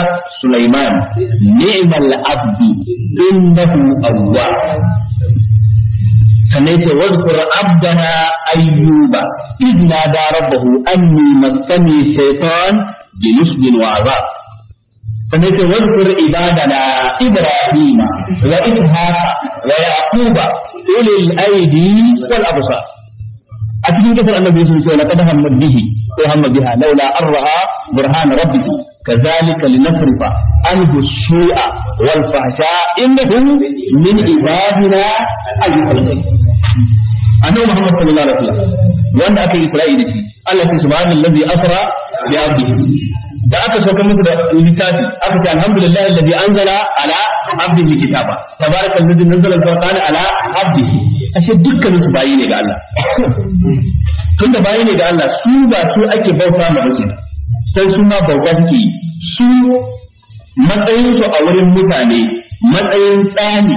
سليمان نعم العبد إنه أواب sannan ce wadkur abdana ayyuba idh nada rabbahu anni massani na bi nusbin wa azab sannan ce wadkur ibadana ibrahima wa ishaqa wa yaquba ulil aidi a cikin kasar annabi sun ce laqad hammad bihi فهم بها لولا أن رأى برهان ربه كذلك لنصرف عنه السوء والفحشاء إنه من عبادنا الصالحين annabi Muhammad sallallahu alaihi wasallam wanda aka yi Isra'i da shi Allah ya subhanahu asra bi da aka sauka muku da littafi aka ce alhamdulillah alladhi anzala ala abdihi kitaba tabaraka alladhi nazzala al ala abdihi ashe dukkanin su bayi ne ga Allah (laughs) tunda bayi ne ga Allah su ba su ake bauta ma ba sai su ma bauta suke su matsayin su a wurin mutane matsayin tsani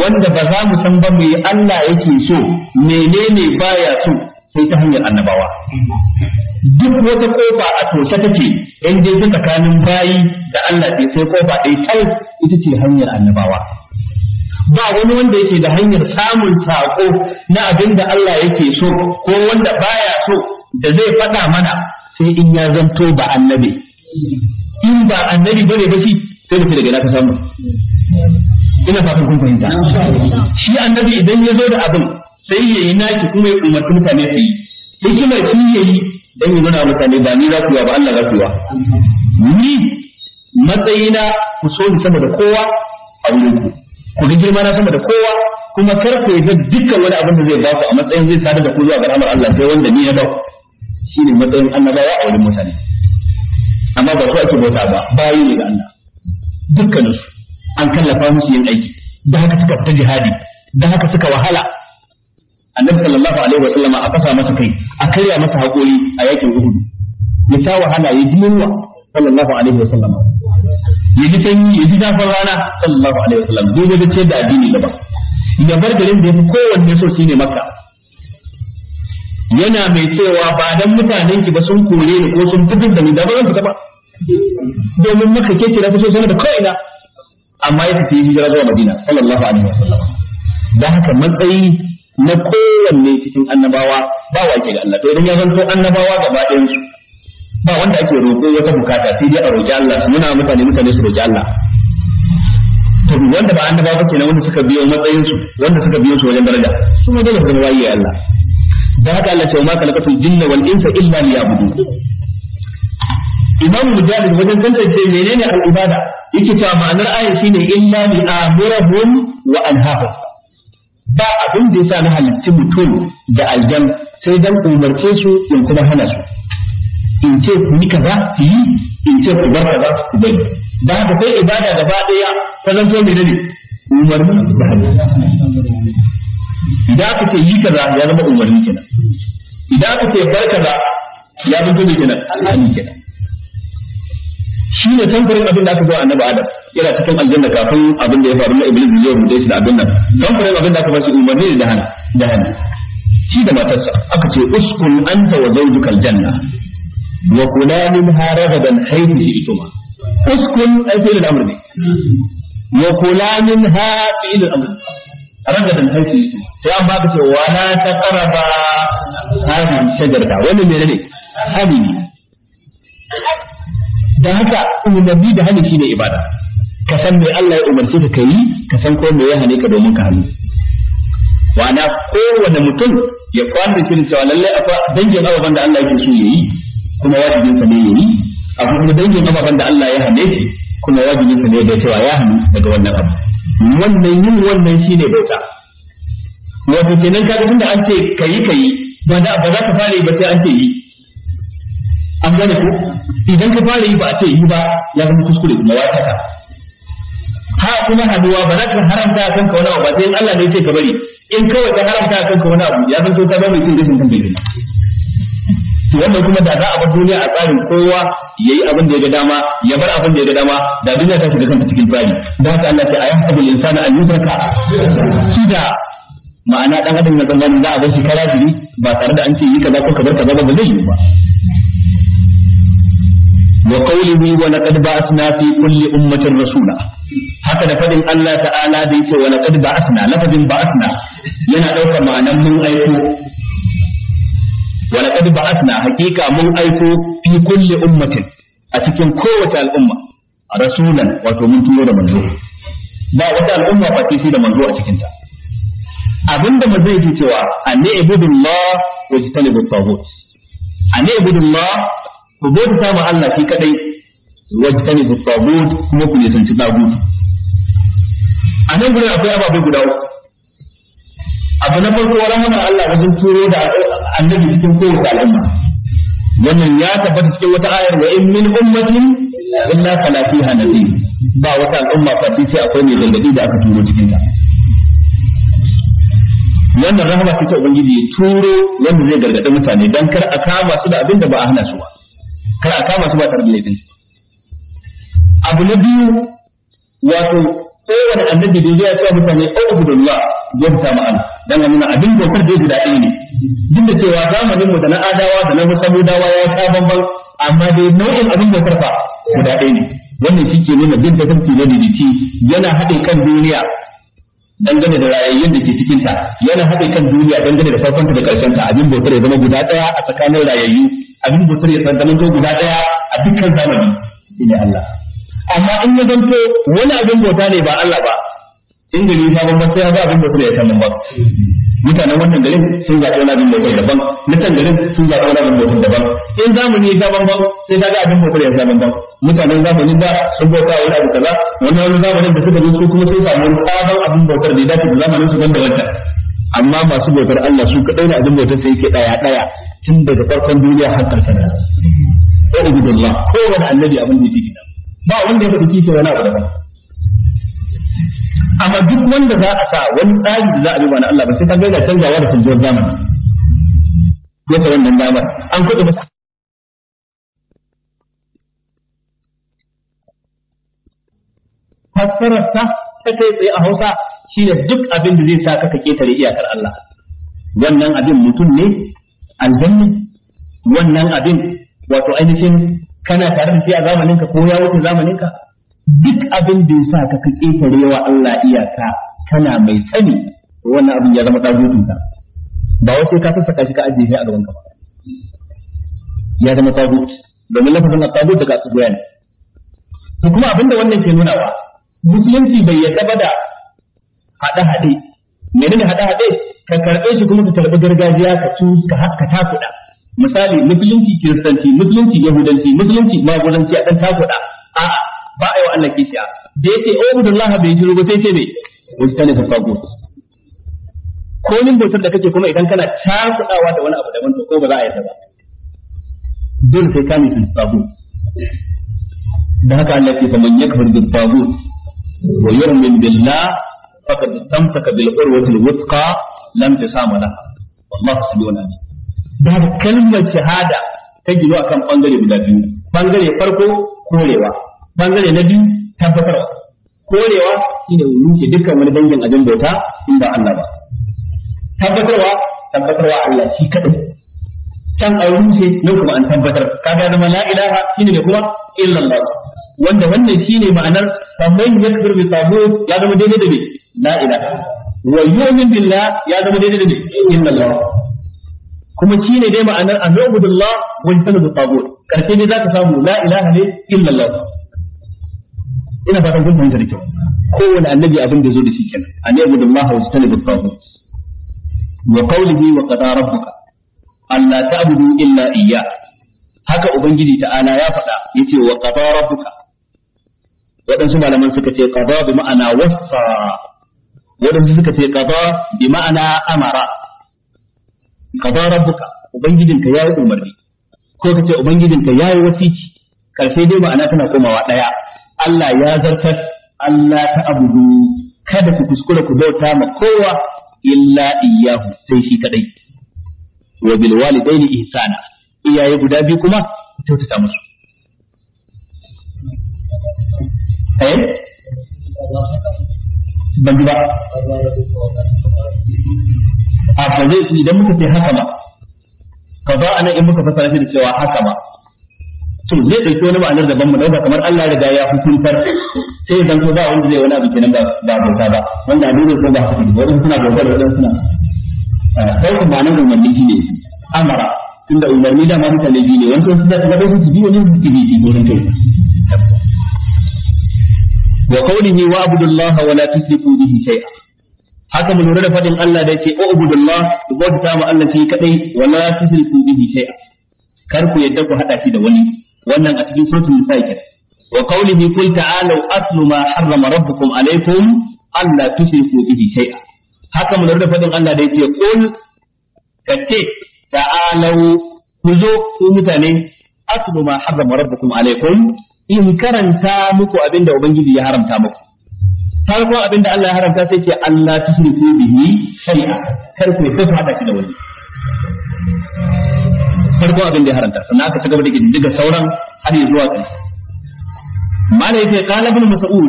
wanda ba za mu san ba mu yi Allah yake so menene baya so sai ta hanyar annabawa duk wata kofa a toshe take in dai suka tsakanin bayi da Allah ce sai kofa ɗaya tal ita ce hanyar annabawa ba wani wanda yake da hanyar samun sako na abin da Allah yake so ko wanda baya so da zai faɗa mana sai in ya zanto ba annabi in ba annabi bane ba shi sai da daga na ka samu ina fatan kun fahimta shi annabi idan ya zo da abin sai yayi naki kuma ya umarci mutane su yi hikimar shi yayi dan yi nuna mutane ba ni za ku yi ba Allah za ku yi ni matsayina ku so ni sama da kowa a wurin ku ku ga girma na sama da kowa kuma kar ku yi dukkan wani abin da zai ba ku a matsayin zai sadar da ku zuwa ga rahmar Allah sai wanda ni ya ba Shi ne matsayin annabawa a wurin mutane amma ba su ake bauta ba bayi ne ga Allah su an kallafa musu yin aiki da haka suka fita jihadi da haka suka wahala annabi sallallahu alaihi wa sallama a fasa masa kai a karya masa haƙori a yakin Uhudu. ya sa wahala ya ji yunwa sallallahu alaihi wa sallama ya ji sanyi ya ji zafin rana sallallahu alaihi wa sallam dole da ce da addini gaba ya bar garin da ya fi kowanne so shine Makka yana mai cewa ba dan mutanen ki ba sun kore ni ko sun fitar da ni da ba zan fita ba domin maka ke kira fi so sanar da kai na. amma ya tafi hijira zuwa Madina sallallahu alaihi wa sallam da haka matsayi na kowanne cikin annabawa ba wa ke ga Allah to idan ya zanto annabawa gaba ɗayan su ba wanda ake roƙo wata bukata sai dai a roƙi Allah su nuna mutane mutane su roƙi Allah to wanda ba annabawa ba kenan wanda suka biyo matsayin su wanda suka biyo su wajen daraja su ma dole su zama wayi Allah da haka Allah ce ma kalakatul jinna wal insa illa liya'budun Imam Mujahid wajen tantance menene al-ibada yake cewa ma'anar ayat shine illa li amurahum wa anhahum ba abin da yasa na halitti mutum da aljan sai dan umarce su in kuma hana su in ce ku yi kaza ku yi in ce ku bar kaza ku bari da haka sai ibada da ba daya ta zanto mai ne umarni da hannu idan aka ce yi kaza ya zama umarni kenan idan aka ce bar kaza ya zanto mai kenan hannu kenan shi ne tamfarin abin da aka zo annabi adam yana cikin aljanna kafin abin da ya faru na iblis zai rubuce shi da abin nan tamfarin abin da aka bashi umarni da hana da hana shi da matarsa aka ce uskun anta wa zawjuka aljanna wa kula minha ragadan haythu shi'tuma uskun ay fi'l al-amr ne wa kula ha fi'l al-amr ragadan haythu shi'tuma sai an ba ka ce wa la taqraba hadhihi shajarata wannan menene habibi da haka umarni da hannu shine ibada ka san me Allah ya umarce ka kai ka san ko me ya hane ka domin ka hannu wana kowane mutum ya kwanta da cewa lalle afa dangin ababen da Allah yake so yayi kuma wajibin sa ne yayi akwai kuma dangin ababan da Allah ya hane shi kuma wajibin sa ne da cewa ya hannu daga wannan abu wannan yin wannan shine bauta wato kenan kaga tunda an ce kai kai ba za ka fare ba sai an ce yi an gane ko idan ka fara yi ba a ce yi ba ya zama kuskure na wata ha kuma haduwa ba za ka haramta kanka wani abu ba sai Allah ne ya ce ka bari in kawai ka haramta kanka wani abu ya zanto ta ba mai cin gashin kan bai to wannan kuma da za a bar duniya a tsarin kowa yayi abin da ya ga dama ya bar abin da ya ga dama da duniya ta shiga kanta cikin bari dan haka Allah ya ayyuka bil insana an yusraka sida ma'ana dan adam na tsammanin za a bar shi kara ba tare da an ce yi kaza ko ka bar kaza ba zai yi ba wa qawlihi wa laqad ba'athna fi kulli ummatin rasula haka da faɗin Allah ta'ala da yake wa laqad ba'athna lafazin ba'athna yana daukar ma'anar mun aiko wa ba'as na hakika mun aiko fi kulli ummatin a cikin kowace al'umma wato mun da ba wata al'umma ba sai da manzo a cikin ta abinda mu zai ji cewa anni ibudullah wa jitanibu tagut anni ibudullah ku ta ma Allah shi kadai wajtani bi tagut kuma ku nisanci tagut a nan gurin akwai ababai guda uku abu na farko rahamar Allah wajen turo da annabi cikin kowace al'umma wannan ya tabbata cikin wata ayar wa in min ummatin illa kana fiha nabi ba wata al'umma fa sai akwai mai gargadi da aka turo cikin ta wannan rahama ce ta ubangiji ya turo wanda zai gargadi mutane don kar a kama su da abin da ba a hana su ba kar a kama su ba tare da laifin abu na biyu wato kowane annabi da ya cewa mutane ubudullah yabta ma'ana dan ga abin dokar da guda ɗaya ne duk da cewa zamanin mu da na adawa da na musamudawa ya ta banban. amma dai nau'in abin dokar fa guda ɗaya ne wannan shi ke nuna bin tafarki na diditi yana haɗe kan duniya dangane da rayayyun da ke cikin ta yana haɗe kan duniya dangane da farkonta da ƙarshen ta abin bautar ya zama guda ɗaya a tsakanin rayayyu abin bautar ya zama guda ɗaya a dukkan zamani Ina Allah amma in ya zanto wani abin bauta ne ba Allah ba in gari ta bambam sai ya ga abin bautar ya san ba mutanen wannan garin sun zaɓi wani abin bautar daban na can garin sun zaɓi wani abin bautar daban in zamani ya sha ban sai ta ga abin bautar ya sha ban mutanen zamani da sun bauta wani abu kaza wani wani zamanin da suka zo su kuma sun samu wani abin bautar da ya dace da zamanin su banda wata amma masu bautar Allah su kaɗai na abin bautar sai yake ɗaya ɗaya tun daga farkon duniya har ƙarshen rana. Ko ubudullah ko wani annabi abin da yake gida ba wanda ya faɗi kike wani abu daban. amma duk wanda za a sa wani tsari da za a bi ba na Allah ba sai ka ga canzawa da canzuwar zamani ta wannan damar an kuɗi masa fassararsa ta kai tsaye a Hausa shine duk abin da zai sa ka ka ketare iyakar Allah wannan abin mutum ne aljanna wannan abin wato ainihin kana tare da shi a zamaninka ko ya wuce zamaninka duk abin da ya sa ka ka ƙetare wa Allah iyaka kana mai tsani wannan abin ya zama tagutun ka ba wai sai ka sassaka kashi ka ajiye shi a gaban ka ba ya zama tagut domin na tagut daga goya ne to kuma abin da wannan ke nuna wa musulunci bai yarda ba da haɗe-haɗe menene haɗe-haɗe ka karɓe shi kuma ka karɓi gargajiya ka ci ka haka takuɗa misali musulunci kiristanci musulunci yahudanci musulunci magudanci a ɗan takuɗa a'a ba a yi wa Allah kishiya da yace ubudullah oh, bai jiro ba sai ce me wajtani fa tagut komin bautar da kake kuma idan kana takudawa da wani abu daban to ko ba za a yi ba dole sai kami fi tagut da haka Allah ya ce faman yakfur bi tagut wa yu'min billah faqad istamsaka bil urwati al wuthqa lam tasama laha wallahu sami'un alim da kalmar shahada ta gino akan bangare guda biyu bangare farko korewa bangare na biyu tabbatarwa korewa shine rushe dukkan wani dangin abin bauta in ba Allah ba tabbatarwa tabbatarwa Allah shi kadai can a rushe nan kuma an tabbatar kaga zama la ilaha shine ne kuma illa Allah wanda wannan shine ma'anar faman yakfur bi tagut ya zama daidai da me la ilaha wa yu'min billah ya zama daidai da me illa Allah kuma shine dai ma'anar an da wa yantanu bi tagut karshe ne ka samu la ilaha ne illa Allah ina fatan kun fahimta da kyau kowane annabi abin da zo da shi kenan an yabu da Allah wa talibu tawhid wa qawlihi wa qada rabbuka alla ta'budu illa iyyah haka ubangiji ta'ala ya faɗa yace wa qada rabbuka waɗansu malaman suka ce qada bi ma'ana wasa waɗansu suka ce qada bi ma'ana amara qada rabbuka ubangijinka yayi umarni ko kace ubangijinka yayi wasici karshe dai ma'ana tana komawa daya Allah ya zartar Allah ta abudu kada ku kuskura ku bauta ma kowa illa iyyahu sai shi kadai wa bil walidaini ihsana iyaye guda biyu kuma ku kyautata musu eh ban ba a ba zai idan muka ce haka ba kaza anan in muka fasara shi da cewa haka ba to zai dauki wani ma'anar daban mu dauka kamar Allah riga ya hukuntar sai dan ko ba wanda zai wani abu nan ba ba bauta ba wanda dole ko ba su wadan suna bauta wadan suna sai kuma nan umarni shi ne amara tunda umarni da ma mutane biyu ne wanda su da wadai su biyu ne su biyu ko ranto wa qawlihi wa abudullaha wa la tusriku bihi shay'a haka mu lura da fadin Allah da yake ubudullah ku bauta ma Allah shi kadai wa la tusriku bihi shay'a kar ku yadda ku hada shi da wani wannan a cikin suratul nisa ke wa qawlihi qul ta'alu atlu ma harrama rabbukum alaykum alla tushriku bihi shay'a haka mun da fadin Allah da yake qul kace ta'alu ku zo ku mutane atlu ma harrama rabbukum alaykum in karanta muku abinda ubangiji ya haramta muku farkon abinda Allah ya haramta sai ce Allah tushriku bihi shay'a kar ku tafi hada shi da wani farko abin da ya haranta sannan aka ci gaba da kididdiga sauran har zuwa ƙarshe malai yake qala ibn mas'ud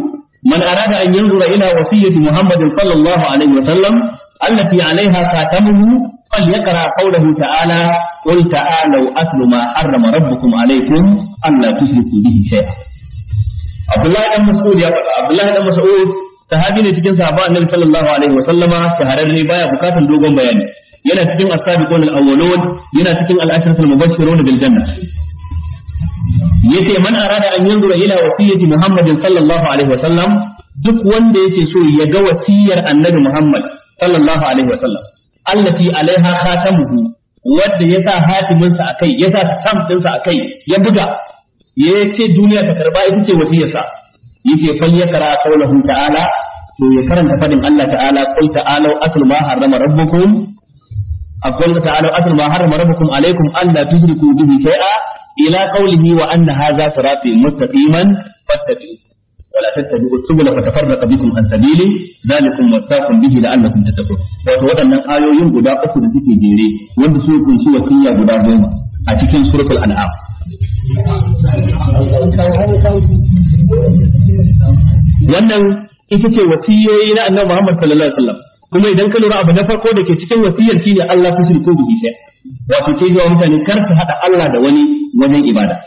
man arada an yanzura ila wasiyyati muhammadin sallallahu alaihi wa sallam allati alaiha khatamuhu فليقرأ قوله تعالى قل تعالوا أتل ما حرم ربكم عليكم ألا تشركوا به شيئا عبد الله بن مسعود يا عبد الله Mas'ud مسعود sahabi ne cikin sahaba annabi sallallahu alaihi wa sallama shahararre baya bukatan dogon bayani yana cikin as-sabiqun al-awwalun yana cikin al-ashrat al-mubashshirun bil janna yace man arada an yanzura ila wasiyyati muhammadin sallallahu alaihi wa duk wanda yake so ya ga wasiyar annabi muhammad sallallahu alaihi wa sallam allati alaiha khatamuhu wanda ya sa hatiminsa a kai ya sa sam ɗinsa a kai ya buga ya ce duniya ta karba ita ce wasiyarsa yace fal yakra qawluhu ta'ala to ya karanta fadin Allah ta'ala qul ta'alu atlu ma harrama rabbukum أقول تعالى أتل ما حرم ربكم عليكم ألا تشركوا به شيئا إلى قوله وأن هذا صراطي مستقيما فاتبعوه ولا تتبعوا السبل فتفرق بكم عن سبيله ذلكم وصاكم به لعلكم تتقون wato waɗannan ayoyin guda uku da suke jere wanda su kunshi wasiya guda goma a cikin suratul wannan ita ce wasiyoyi na annabi Muhammad sallallahu alaihi wasallam kuma idan ka lura abu na farko da ke cikin wasiyar shine Allah ta shirku bihi sai wato ce ga mutane kar su hada Allah da wani wajen ibada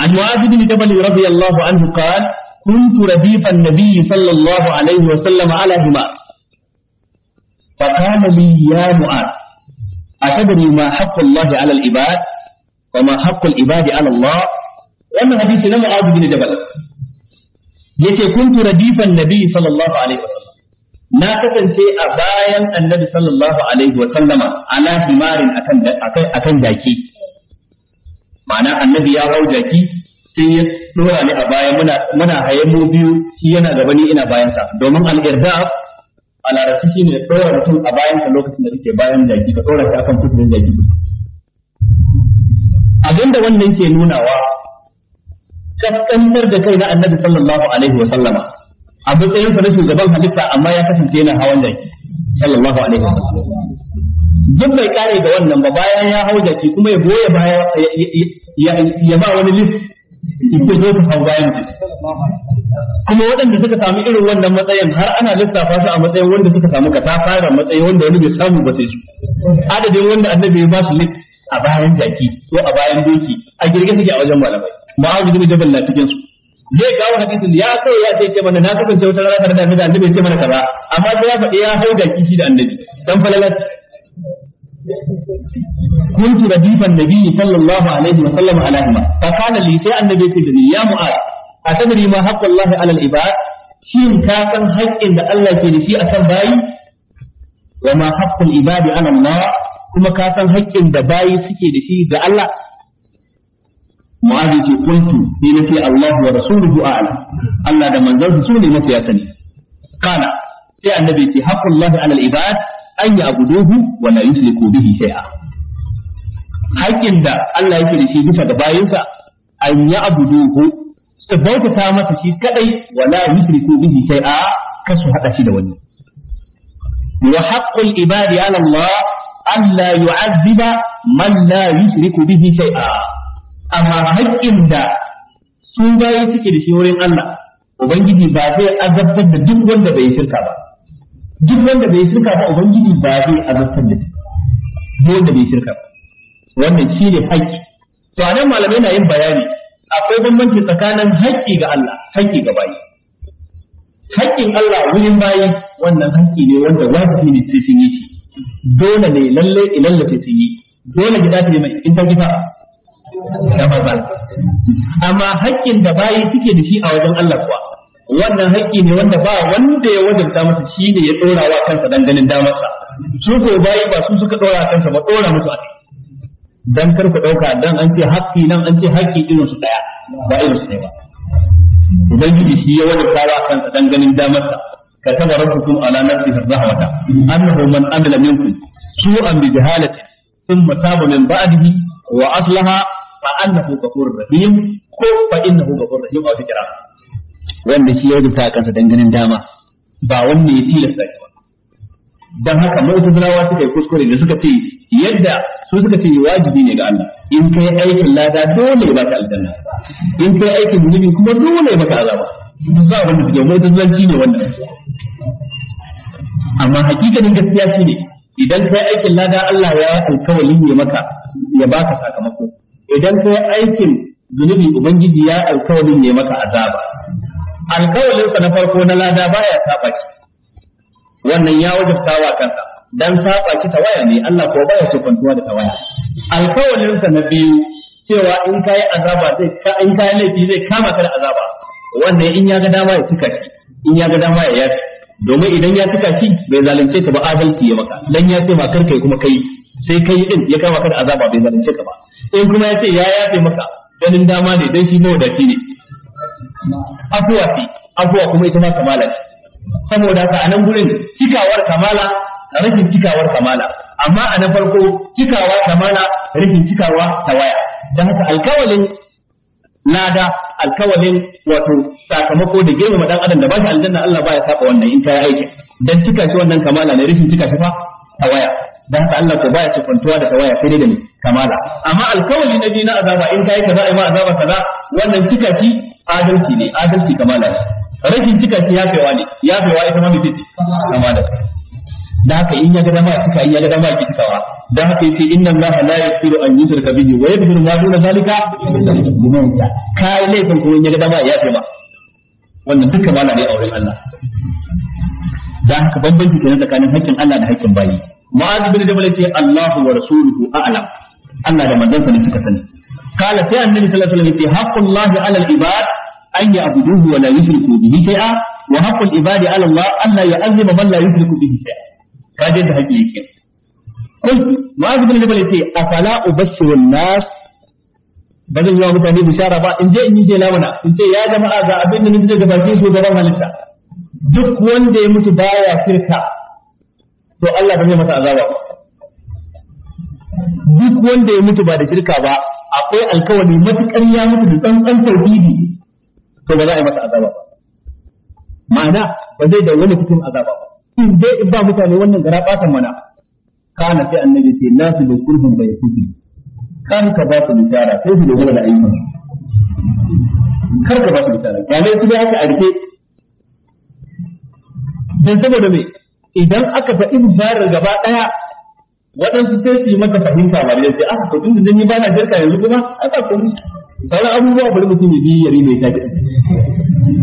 عن معاذ بن جبل رضي الله عنه قال كنت رديف النبي صلى الله عليه وسلم على حمار فقال لي يا معاذ أتدري ما حق الله على العباد وما حق العباد على الله وأن حديث معاذ بن جبل yace kuntu radifan nabi sallallahu alaihi wasallam na kasance a bayan annabi sallallahu alaihi wa sallama ala himarin akan akan jaki ma'ana annabi ya hau jaki sai ya dora ni a baya muna muna haye mu biyu shi yana gaba ni ina bayan sa domin al-irdaf a larabci shine dora mutum a bayan sa lokacin da kake bayan jaki ka dora shi akan kuturin jaki abinda wannan ke nunawa kaskantar da kai na annabi sallallahu alaihi wa sallama a matsayin sa na shugaban halitta amma ya kasance yana hawan jaki sallallahu alaihi wa sallam duk bai kare da wannan ba bayan ya hau jaki kuma ya goya baya ya ba wani lif ita zo ka hau bayan ki kuma waɗanda suka sami irin wannan matsayin har ana lissafa su a matsayin wanda suka samu ka ta fara matsayin wanda wani bai samu ba sai su adadin wanda annabi ya ba su lif a bayan jaki ko a bayan doki a girgin suke a wajen malamai ma'azu bin jabal na cikin su zai kawo hadisin ya kai ya ce ce mana na kasance wata rana tare da annabi annabi ya ce mana kaza amma sai ya faɗi ya hau da kishi da annabi dan falalat كنت رديف النبي صلى الله عليه وسلم على هما فقال لي سي النبي تدري يا معاذ أتدري ما حق الله على العباد shin ka san haƙƙin da Allah ke da shi akan bayi wa ma haqqul ibadi ala Allah kuma ka san haƙƙin da bayi suke da shi ga Allah mu'adh ce kuntu ni nace Allah wa rasuluhu a'lam Allah da manzon su ne mafiya sani sai annabi ce haqqullahi 'ala al-ibad an ya'buduhu wa la haƙƙin da Allah yake da shi bisa ga bayinsa an ya'buduhu su bautata masa shi kadai wa la yushriku bihi shay'a kasu hada shi da wani wa haqqul ibadi 'ala Allah an la yu'azziba man la yushriku bihi shay'a amma haƙƙin da su bayi suke da shi wurin Allah ubangiji ba zai azabtar da duk wanda bai shirka ba duk wanda bai shirka ba ubangiji ba zai azabtar da shi duk wanda bai shirka ba wannan shi ne haƙƙi to anan malamai na yin bayani akwai bambanci tsakanin haƙƙi ga Allah haƙƙi ga bayi haƙƙin Allah wurin bayi wannan haƙƙi ne wanda wajibi ne sai sun yi shi dole ne lalle sai sun yi dole gida ta mai in ta gida na maza amma haƙƙin da bayi suke da shi a wajen Allah kuwa wannan haƙƙi ne wanda ba wanda ya wajabta masa shi ne ya ɗora wa kansa danganin damarsa su ko bayi ba su suka ɗora kansa ba ɗora musu a kai dan kar ku ɗauka dan an ce haƙƙi nan an ce haƙƙi irin su ɗaya ba irin su ɗaya ba ubangiji shi ya wajabta wa kansa danganin damarsa كتب ربكم على نفسه الرحمة أنه من عمل منكم سوءا بجهالة ثم تاب من بعده aslaha. fa annahu ghafurur rahim ko fa innahu ghafurur rahim a kira wanda shi ya rubuta kansa danganin dama ba wanne ya tilasta shi ba dan haka mu'tazilawa suka yi kuskure da suka ce yadda su suka ce wajibi ne ga Allah in kai aikin lada dole ya baka aljanna in kai aikin zunubi kuma dole ya baka azaba duk za wanda suke mu'tazilanci ne wannan amma hakikanin gaskiya shine idan kai aikin lada Allah ya alkawali ya maka ya baka sakamako idan kai aikin zunubi ubangiji ya alkawarin ne maka azaba alkawarin sa na farko na lada baya saba ki wannan ya wajabta wa kansa dan saba ki tawaya ne Allah ko baya sufantuwa da tawaya alkawarin sa na biyu cewa in kai azaba zai ka in kai laifi zai kama ka da azaba wannan in ya ga dama ya cika shi in ya ga dama ya yafi domin idan ya cika shi bai zalunce ta ba adalci ya maka dan ya ce ma karkai kuma kai sai kai din ya kama ka da azaba bai zalunce ka ba in kuma ya ce ya yafe maka ganin dama ne dan shi mawadaci ne afuwa fi afuwa kuma ita ma kamala ce saboda ka anan nan gurin cikawar kamala rashin cikawar kamala amma a na farko cikawa kamala rashin cikawa tawaya dan haka alkawalin lada alkawalin wato sakamako da girmama dan adam da ba shi aljanna Allah baya saba wannan in kai aiki dan cika shi wannan kamala ne rashin cika shi fa tawaya dan haka Allah ko baya kwantuwa da tawaya sai dai da kamala amma alkawali na biyu na azaba in kai kaza ai ma azaba kaza wannan cikaki adalci ne adalci kamala ne rashin cikaki yafewa ne yafewa ita ma mutunci kamala da haka in ya ga dama suka in ya ga dama ki tukawa dan haka yace inna Allah la yaghfiru an yushraka bihi wa yaghfiru ma duna zalika liman yasha kai laifin ko in ya ga dama ya yafe ma wannan duka mala ne a wurin Allah dan haka bambanci kenan tsakanin haƙƙin Allah da haƙƙin bayi Mu'adh bin Jabal yace Allahu wa rasuluhu a'lam Allah da manzansa ne suka sani kala sai annabi sallallahu alaihi wasallam yace haqqullahi 'ala al-ibad an ya'buduhu wa la yushriku bihi shay'a wa haqqul ibadi 'ala Allah an la yu'azziba man la yushriku bihi shay'a kaje da haƙi yake قلت معاذ بن جبل يقول أفلا أبشر الناس ba zan yi wa mutane bishara ba in je in yi jela mana in ce ya jama'a ga abin da nake da bakin shugaban halitta duk wanda ya mutu baya firka to Allah ba zai masa azaba duk wanda ya mutu ba da shirka ba akwai alkawari matukar ya mutu da tsantsan tauhidi to ba za a yi masa azaba ba ma'ana ba zai da wani cikin azaba ba in dai in ba mutane wannan gara batan mana kana sai annabi ce nasu da kurbin bai kufi kan ka ba su bishara sai su dogara da ayyuka kar ka ba su bishara ba ne su da haka a rike dan saboda me idan aka faɗi bisharar gaba ɗaya waɗansu sai su yi maka fahimta ba da sai aka ah, kudin da ni ba na jarka yanzu kuma an sa kudi sauran abubuwa bari mutum ya bi yari mai tafi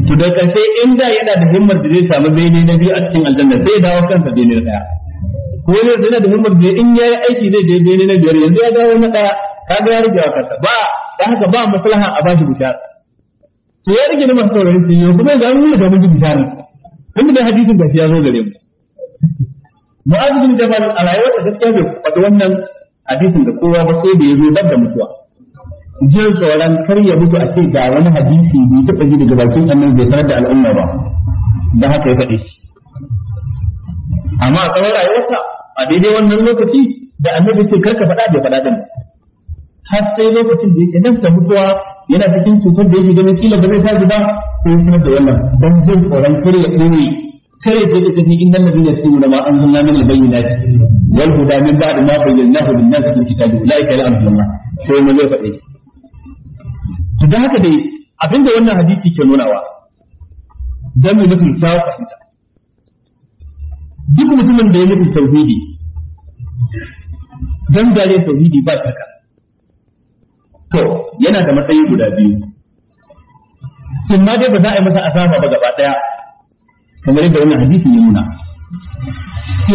to da ƙarshe inda yana da himmar da zai samu bene na biyu a cikin aljanna sai ya dawo kansa bene na ɗaya ko ne yana da himmar da in ya yi aiki zai je bene na biyar yanzu ya dawo na ɗaya kaga ya rige wa kansa ba da haka ba maslaha a bashi bishara to ya rige na masu sauraron yau kuma ya zama nuna ga mun ji bishara tunda da hadisin da ya zo gare mu mu'az bin jabal a da gaskiya bai faɗi wannan hadisin da kowa ba sai da ya zo da mutuwa jin tsoron kar ya mutu a ce ga wani hadisi bai taɓa ji daga bakin annabi bai sanar da al'umma ba da haka ya faɗi shi amma a tsawon rayuwarsa a daidai wannan lokaci da annabi ce karka faɗa bai faɗa din har sai lokacin da ya ta mutuwa yana cikin cutar da yake ganin kila ba zai tashi ba sai sanar da wannan don jin tsoron kar ya ɗore kare sai da kace innal ladina yasiruna ma anzalna min al-bayyinati wal huda min ba'd ma bayyanahu lin nas fil kitabi illa ya'lamuna sai mun zai faɗi to dan haka dai abinda wannan hadisi ke nunawa dan mu nufin sa'a duk mutumin da ya nufin tauhidi dan ya tauhidi ba taka to yana da matsayi guda biyu in ma dai ba za a yi masa asaba ba gaba daya kamar yadda wani hadisi ya nuna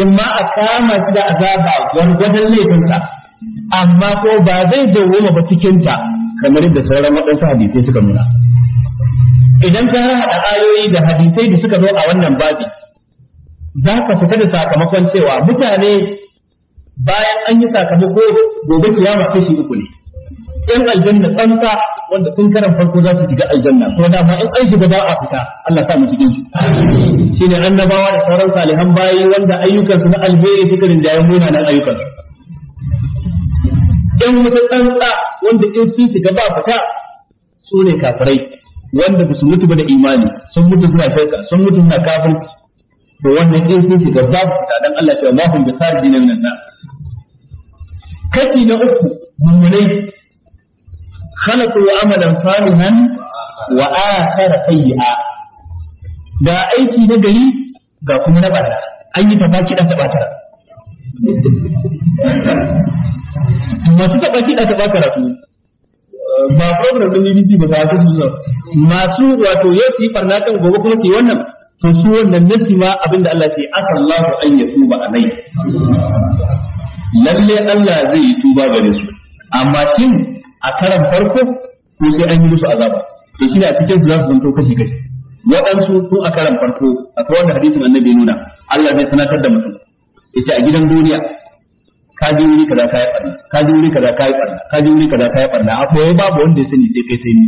imma a kama shi da azaba gwargwadon laifinsa amma ko ba zai dawoma ba cikinta kamar yadda sauran waɗansu hadisai suka nuna idan ka haɗa ayoyi da hadisai da suka zo a wannan babi za ka fita da sakamakon cewa mutane bayan an yi sakamako gobe kiyama shi uku ne yan aljanna tsantsa wanda sun karan farko za su shiga aljanna ko da ma in an shiga ba a fita Allah ta mu cikin su shine annabawa da sauran salihan bayi wanda ayyukan su na alheri suka rinjaye nan ayyukan su yan wata tsantsa wanda in sun shiga ba fita su ne kafirai wanda ba su mutu ba da imani sun mutu suna shirka sun mutu suna kafirci to wannan in sun shiga babu fita dan Allah ya ce ma hum bi sarjina minan nar kashi na uku mummunai khalaqu amalan salihan wa akhara sayyi'a ga aiki na gari ga kuma na barna an yi tafa kiɗa taɓa tara masu da kiɗa taɓa karatu ba program ɗin BBC ba za su zuwa masu su wato barna kan gobe kuma su wannan to su wannan nasi ma abinda Allah ce asallahu an yatuba alai lalle Allah zai yi tuba ga su amma kin. a karan farko ko sai an yi musu azaba to shi ne a cikin su za su zanto kashi kashi waɗansu tun a karan farko akwai wanda hadisin annabi ya nuna Allah zai sanatar da mutum yace a gidan duniya ka ji wuri kaza ka yi barna ka ji wuri kaza ka yi barna ka ji wuri kaza ka yi barna a koyi babu wanda ya sani sai kai sai ni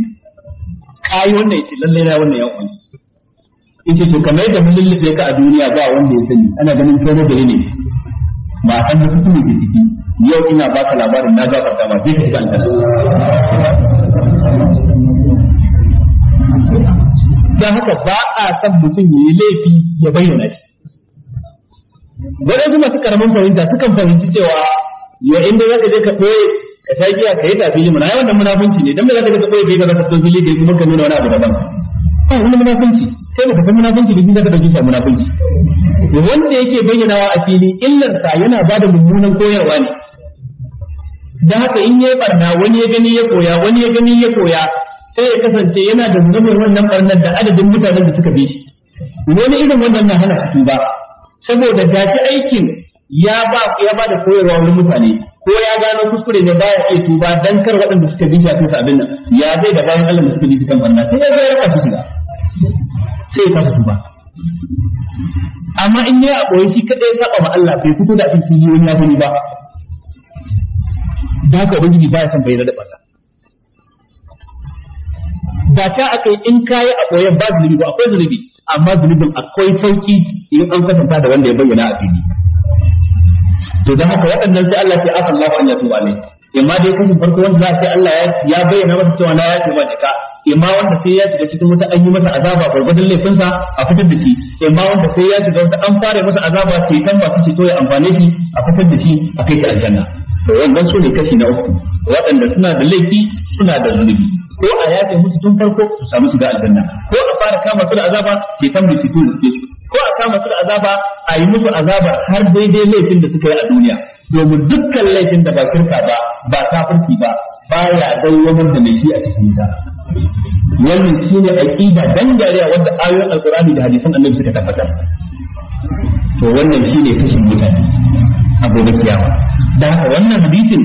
ka yi wannan yace lalle na wannan ya ubangi yace to kamar yadda mun lullube ka a duniya ba wanda ya sani ana ganin kai da ne ba a san da kuma ke ciki yau ina ka labarin na ka ma zai shiga aljanna dan haka ba a san mutum yi laifi ya bayyana shi wadansu masu karamin fahimta sukan fahimci cewa yau inda ka je ka koye ka sha giya ka yi tafi limana ai nan munafunci ne dan me ka je ka koye kai ka zaka fili yi kuma ka nuna wani abu daban ba wani munafunci sai baka san munafunci da zaka dauki shi munafunci wanda yake wa a fili illar sa yana bada mummunan koyarwa ne da haka in yayi barna wani ya gani ya koya wani ya gani ya koya sai ya kasance yana da zunubin wannan barnar da adadin mutanen da suka bi shi wani irin wannan na hana su ba saboda ta aikin ya ba ya ba da koyarwa wani mutane ko ya gano kuskure ne baya iya tuba dan kar waɗanda suka bi shi a kansa abin nan ya zai da bayan Allah suka bi kan barna sai ya zai ya su shiga sai ka tuba amma in ya aboyi shi kadai saba ma Allah bai fito da cikin wani ya ba da haka ubangiji baya son bayyana da barna ba ta akai in kayi a koyan ba zunubi ba akwai zunubi amma zunubin akwai sauki in an kwatanta da wanda ya bayyana a fili to dan haka waɗannan sai Allah ya afa Allah an yatu alai imma dai kashin farko wanda za a ce Allah ya bayyana masa cewa na ya tuba ka imma wanda sai ya shiga cikin wata an yi masa azaba gwargwadon laifinsa a fitar da shi imma wanda sai ya shiga wata an fara masa azaba sai kan masu ceto ya amfane shi a fitar da shi a kai ta aljanna to wannan su ne kashi na uku waɗanda suna da laifi suna da zunubi ko a yafe musu tun farko su samu shiga aljanna ko a fara kama su da azaba ke kan musu tun suke su ko a kama su da azaba a yi musu azaba har daidai laifin da suka yi a duniya domin dukkan laifin da ba kirka ba ba kafirci ba ba ya baya dawwamar da laifi a cikin ta wannan shi ne aqida dariya wadda ayoyin alqur'ani da hadisan annabi suka tabbatar to wannan shi ne kashin mutane a kiyawa kiyama da haka wannan hadisin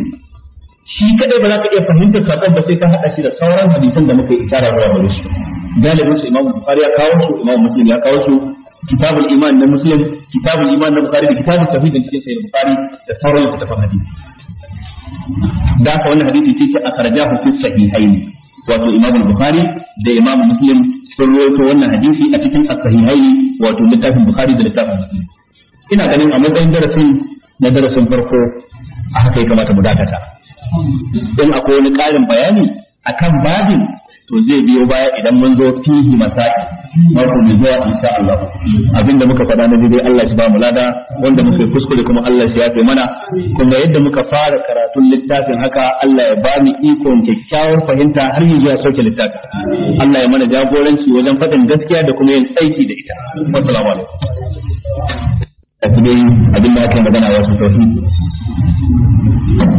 shi kadai ba za ka iya fahimtar sakon ba sai ka hada shi da sauran hadisan da muka yi isara zuwa gare su galibin su imamu bukhari ya kawo su imamu muslim ya kawo su kitabul iman na muslim kitabul iman na bukhari da kitabul tauhid da cikin sahih bukhari da sauran littattafan hadisi da haka wannan hadisi ce a karajahu fi sahihaini wato imamu bukhari da imamu muslim sun rawaito wannan hadisi a cikin as-sahihaini wato littafin bukhari da littafin muslim ina ganin a matsayin darasin na darasin farko a haka ya kamata mu dakata in akwai wani ƙarin bayani a kan babin to zai biyo baya idan mun zo fihi masaki mako mai zuwa insha Allah abinda muka faɗa na dai Allah shi ba mu lada wanda muka kuskure kuma Allah shi ya fi mana kuma yadda muka fara karatun littafin haka Allah ya ba mu ikon kyakkyawar fahimta har yanzu zuwa sauke littafin Allah ya mana jagoranci wajen faɗin gaskiya da kuma yin aiki da ita wassalamu alaikum tafi abin da aka yi magana wasu tauhidi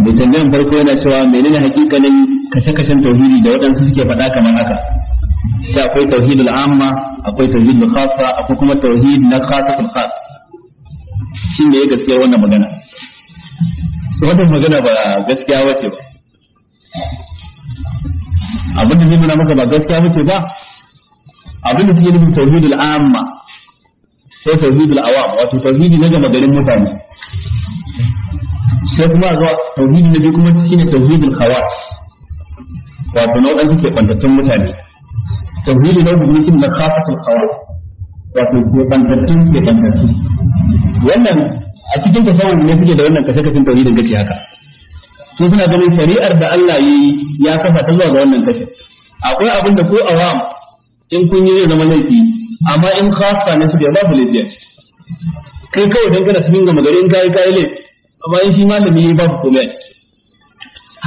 mai tambayan farko yana cewa menene hakikanin kashe-kashen tauhidi da waɗansu suke faɗa kamar haka sai akwai tauhidul amma akwai tauhidul khassa akwai kuma tauhid na khassatul Shin shi ne gaskiya wannan magana wannan magana ba gaskiya wace ba abin da zai nuna maka ba gaskiya wace ba abin da suke nufin tauhidul amma sai tauhidul awam wato tauhidi na gama garin mutane sai kuma zuwa tauhidi na biyu kuma shine tauhidul khawas wato na wadanda ke kwantattun mutane tauhidi na biyu shine khafatul khawas wato ke kwantattun ke kwantattu wannan a cikin tasawuf ne suke da wannan kashe kashin tauhidin gaske haka su suna ganin shari'ar da Allah yi ya kafa ta zuwa ga wannan kashe akwai abin da ko awam in kun yi zai zama laifi amma in khassa ne suka yi babu laifi kai kawai dan kana cikin gama gari in kai kai laifi amma in shi malami ne su komai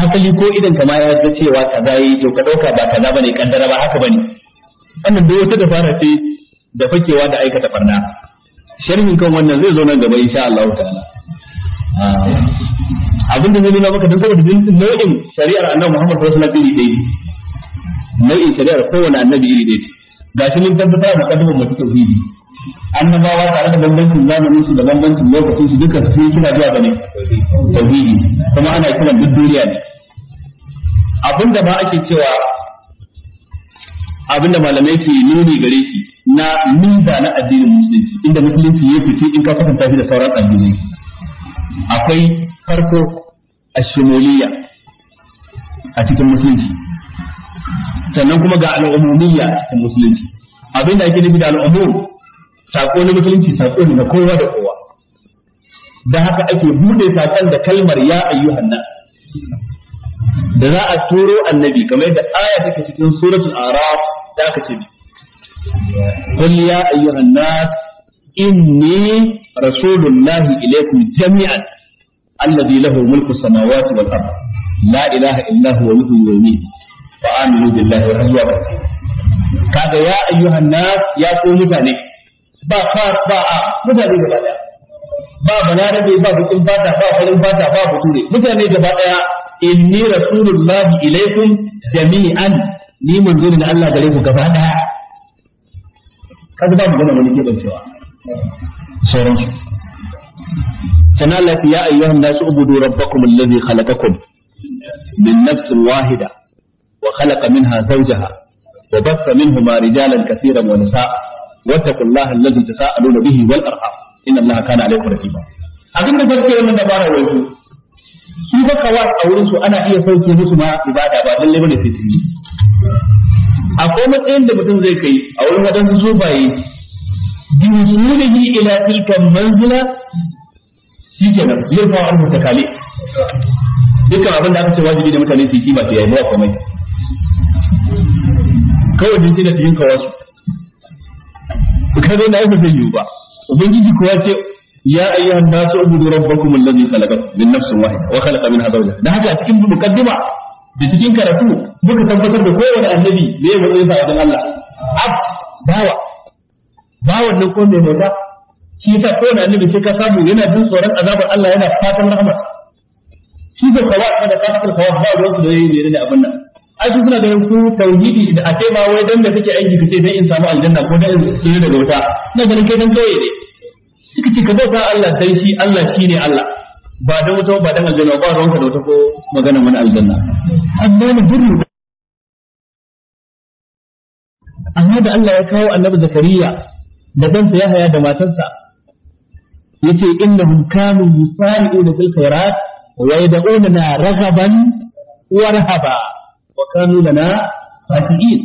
hasali ko idan ka ma ya ga cewa kaza yi to ka dauka ba kaza bane kaddara ba haka bane wannan duk wata dabara ce da fakewa da aikata farna sharhin kan wannan zai zo nan gaba insha Allah ta'ala ah, abin da zai nuna maka don saboda nau'in shari'ar annabi Muhammad sallallahu alaihi wasallam ne nau'in shari'ar kowanne annabi iri ɗaya ga shi mun tabbatar da kaddabar masu tauhidi annabawa tare da bambancin zamanin su da bambancin lokacin su duka sun kira zuwa ga ne tauhidi kuma ana kiran duk duniya ne abinda ba ake cewa abinda malamai ke nuni gare shi na minza na addinin musulunci inda musulunci ya fice in ka kwatanta shi da sauran addinai akwai farko ashimoliya a cikin musulunci sannan kuma ga al'umumiyya ta musulunci abin da ake nufi da al'umum sako na musulunci sako ne na kowa da kowa da haka ake bude sakon da kalmar ya ayyuhan nas da za a turo annabi kamar yadda aya take cikin suratul araf da aka ce ya ayyuhan nas inni rasulullahi ilaykum jami'an alladhi lahu mulku samawati wal ard la ilaha illa huwa yuhyi wa yumeet فآمنوا بالله ورسوله kaga ya ayyuhan nas ya ko mutane ba ka ba a mutane gaba daya ba balarabe ba bukin fata ba farin fata ba bature mutane gaba daya inni rasulullahi ilaikum jami'an ni manzo ne Allah gare ku gaba daya kaga ba magana wani ke bancewa sauran su sana lafiya ayyuhan nas ubudu rabbakum alladhi khalaqakum min nafsin wahida وخلق منها زوجها وبث منهما رجالا كثيرا ونساء واتقوا الله الذي تساءلون به والأرحام إن الله كان عليكم رقيبا abin da farko wannan dabara wai su su kawai a wurin su ana iya sauke musu ma ibada ba lalle bane sai sun akwai matsayin da mutum zai kai a wurin wadansu zubaye biwusulihi ila tilka manzila shi kenan yarfa anhu takali dukkan abin da aka ce wajibi da mutane su yi kima sai yayi ba komai kawai dan kina tiyin kawasu kaga na ba zai yiwu ba ubangiji ko ya ce يا أيها الناس اعبدوا ربكم الذي خلقكم من نفس واحدة وخلق منها زوجها ده haka a cikin mukaddima da cikin karatu muka tabbatar da kowane annabi me ya matsayi sa idan Allah ab bawa bawan nan ko me mota shi yasa kowane annabi sai ka samu yana jin tsoron azabar Allah yana fatan rahama shi da kawai da kafin kawai ba ruwan su da yayi ne da abin nan ai suna ganin ku tauhidi da a ba wai dan da kake aiki kace dan in samu aljanna ko dan in tsira daga wuta na ganin kai dan kawai ne suka ce ka bauta Allah dai shi Allah shine Allah ba dan wuta ba dan aljanna ba ruwanka da wuta ko magana mana aljanna amma ne duru amma da Allah ya kawo annabi Zakariya da dansa Yahaya da matarsa yace innahum kanu yusari'una fil khairat wa yad'una raghaban wa rahaba wa kanu lana fatihin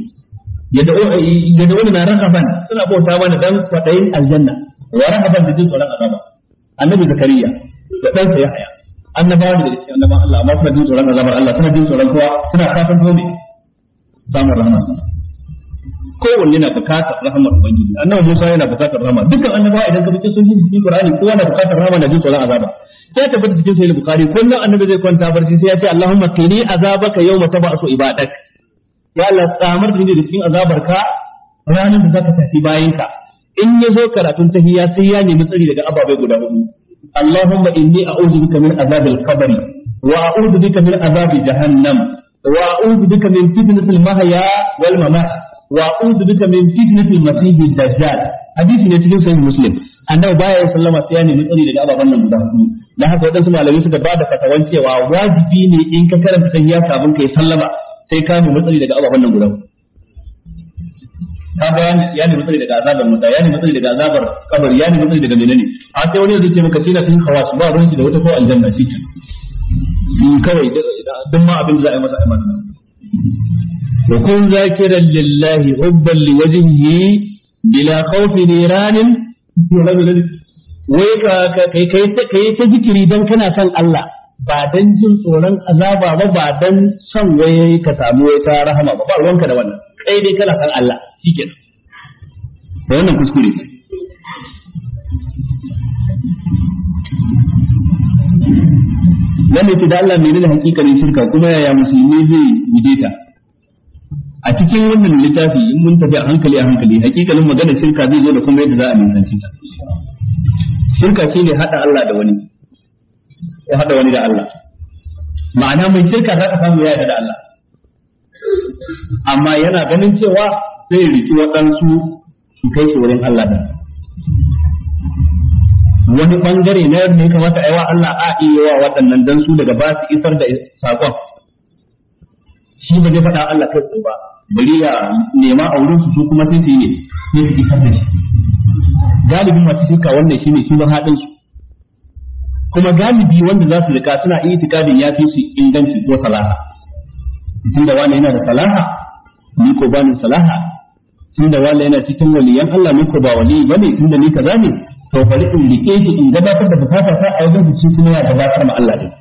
yad'una raghaban suna bauta mana dan kwadayin aljanna wa raghaban da jin tsoron azaba annabi zakariya da dan sa yahya annabawa da cikin annaban Allah suna jin tsoron azabar Allah suna jin tsoron kowa suna fatan dole samun rahman kowanne na bukatar rahmar ubangiji annabi Musa yana bukatar rahama dukkan annabawa idan ka bi sun ji cikin Qur'ani kowa na bukatar rahama na ya tabbata cikin sahih bukhari kullum annabi zai kwanta barci sai ya ce allahumma qini azabaka yawma tab'asu ibadak ya Allah tsamar da ni da cikin azabarka ranar da zaka tafi bayan ka in ya zo karatun tahiyya sai ya nemi tsari daga ababai guda hudu allahumma inni a'udhu bika min azabil qabri wa a'udhu bika min azabi jahannam wa a'udhu bika min fitnatil mahya wal mamat wa a'udhu bika min fitnatil masiihid dajjal hadisi ne cikin sahih muslim annabi baya ya sallama sai ya nemi tsari daga ababan nan guda hudu na haka waɗansu malamai suka ba da fatawan cewa wajibi ne in ka karanta tahiyya kafin kai sallama sai ka nemi matsali daga ababen nan guda ka ga ya nemi matsali daga azabar muta ya nemi matsali daga azabar kabari ya nemi matsali daga menene a sai wani zai ce maka na sun hawa su ba ruwan shi da wata ko aljanna shi ke kawai duk ma abin da za a yi masa amana wa kun zakiran lillahi hubban liwajhihi bila khawfi niranin wai ka kai kai ta zikiri dan kana son Allah ba dan jin tsoron azaba ba ba dan son wai ka samu wai ta rahama ba ba ruwanka da wannan kai dai kana son Allah shikenan wannan kuskure ne wannan ce da Allah menene hakikanin shirka kuma yaya musulmi zai guje ta a cikin wannan littafi in mun tafi a hankali a hankali hakikalin magana shirka zai zo da kuma yadda za a nisanci ta shirka shine hada Allah da wani ya hada wani da Allah ma'ana mai shirka za ka samu ya da Allah amma yana ganin cewa zai riki waɗansu su kai shi wurin Allah da wani bangare na yadda ya kamata aiwa Allah a iya wa waɗannan dan su daga ba su isar da sakon shi ba zai faɗa Allah kai ba bari ya nema a wurin su kuma sai su yi ne sai su isar da shi galibin masu shirka wannan shine shi zan haɗin su kuma galibi wanda za su rika suna iya tikabin ya fi su inganci ko salaha tunda wani yana da salaha ni ko ba ni salaha tunda wani yana cikin waliyan Allah ni ko ba wali tun da ni kaza ne to bari in rike shi in gabatar da bukata ta a wajen cikin kuma ya gabatar ma Allah din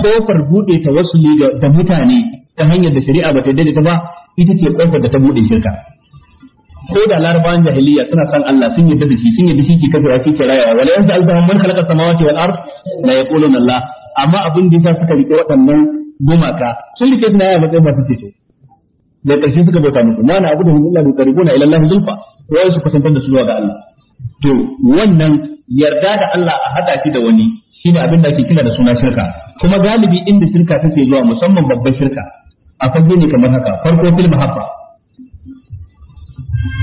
kofar bude tawassuli da mutane ta hanyar da shari'a ba ta daidaita ba ita ce kofar da ta bude shirka ko da larabawan jahiliya suna san Allah sun yadda da shi sun yadda shi ke kafira shi ke rayawa wala yanzu alfahum man khalaqa samawati wal ard la yaquluna Allah amma abin da yasa suka rike waɗannan gumaka sun rike suna yaya matsayin masu ceto da ƙarshe suka bauta musu ma na abu da hujjin Allah bai ila Allah zulfa wai su kusantar da su zuwa ga Allah to wannan yarda da Allah a hada shi da wani shine abin da ake kira da suna shirka kuma galibi inda shirka take zuwa musamman babban shirka a fage ne kamar haka farko fil mahabba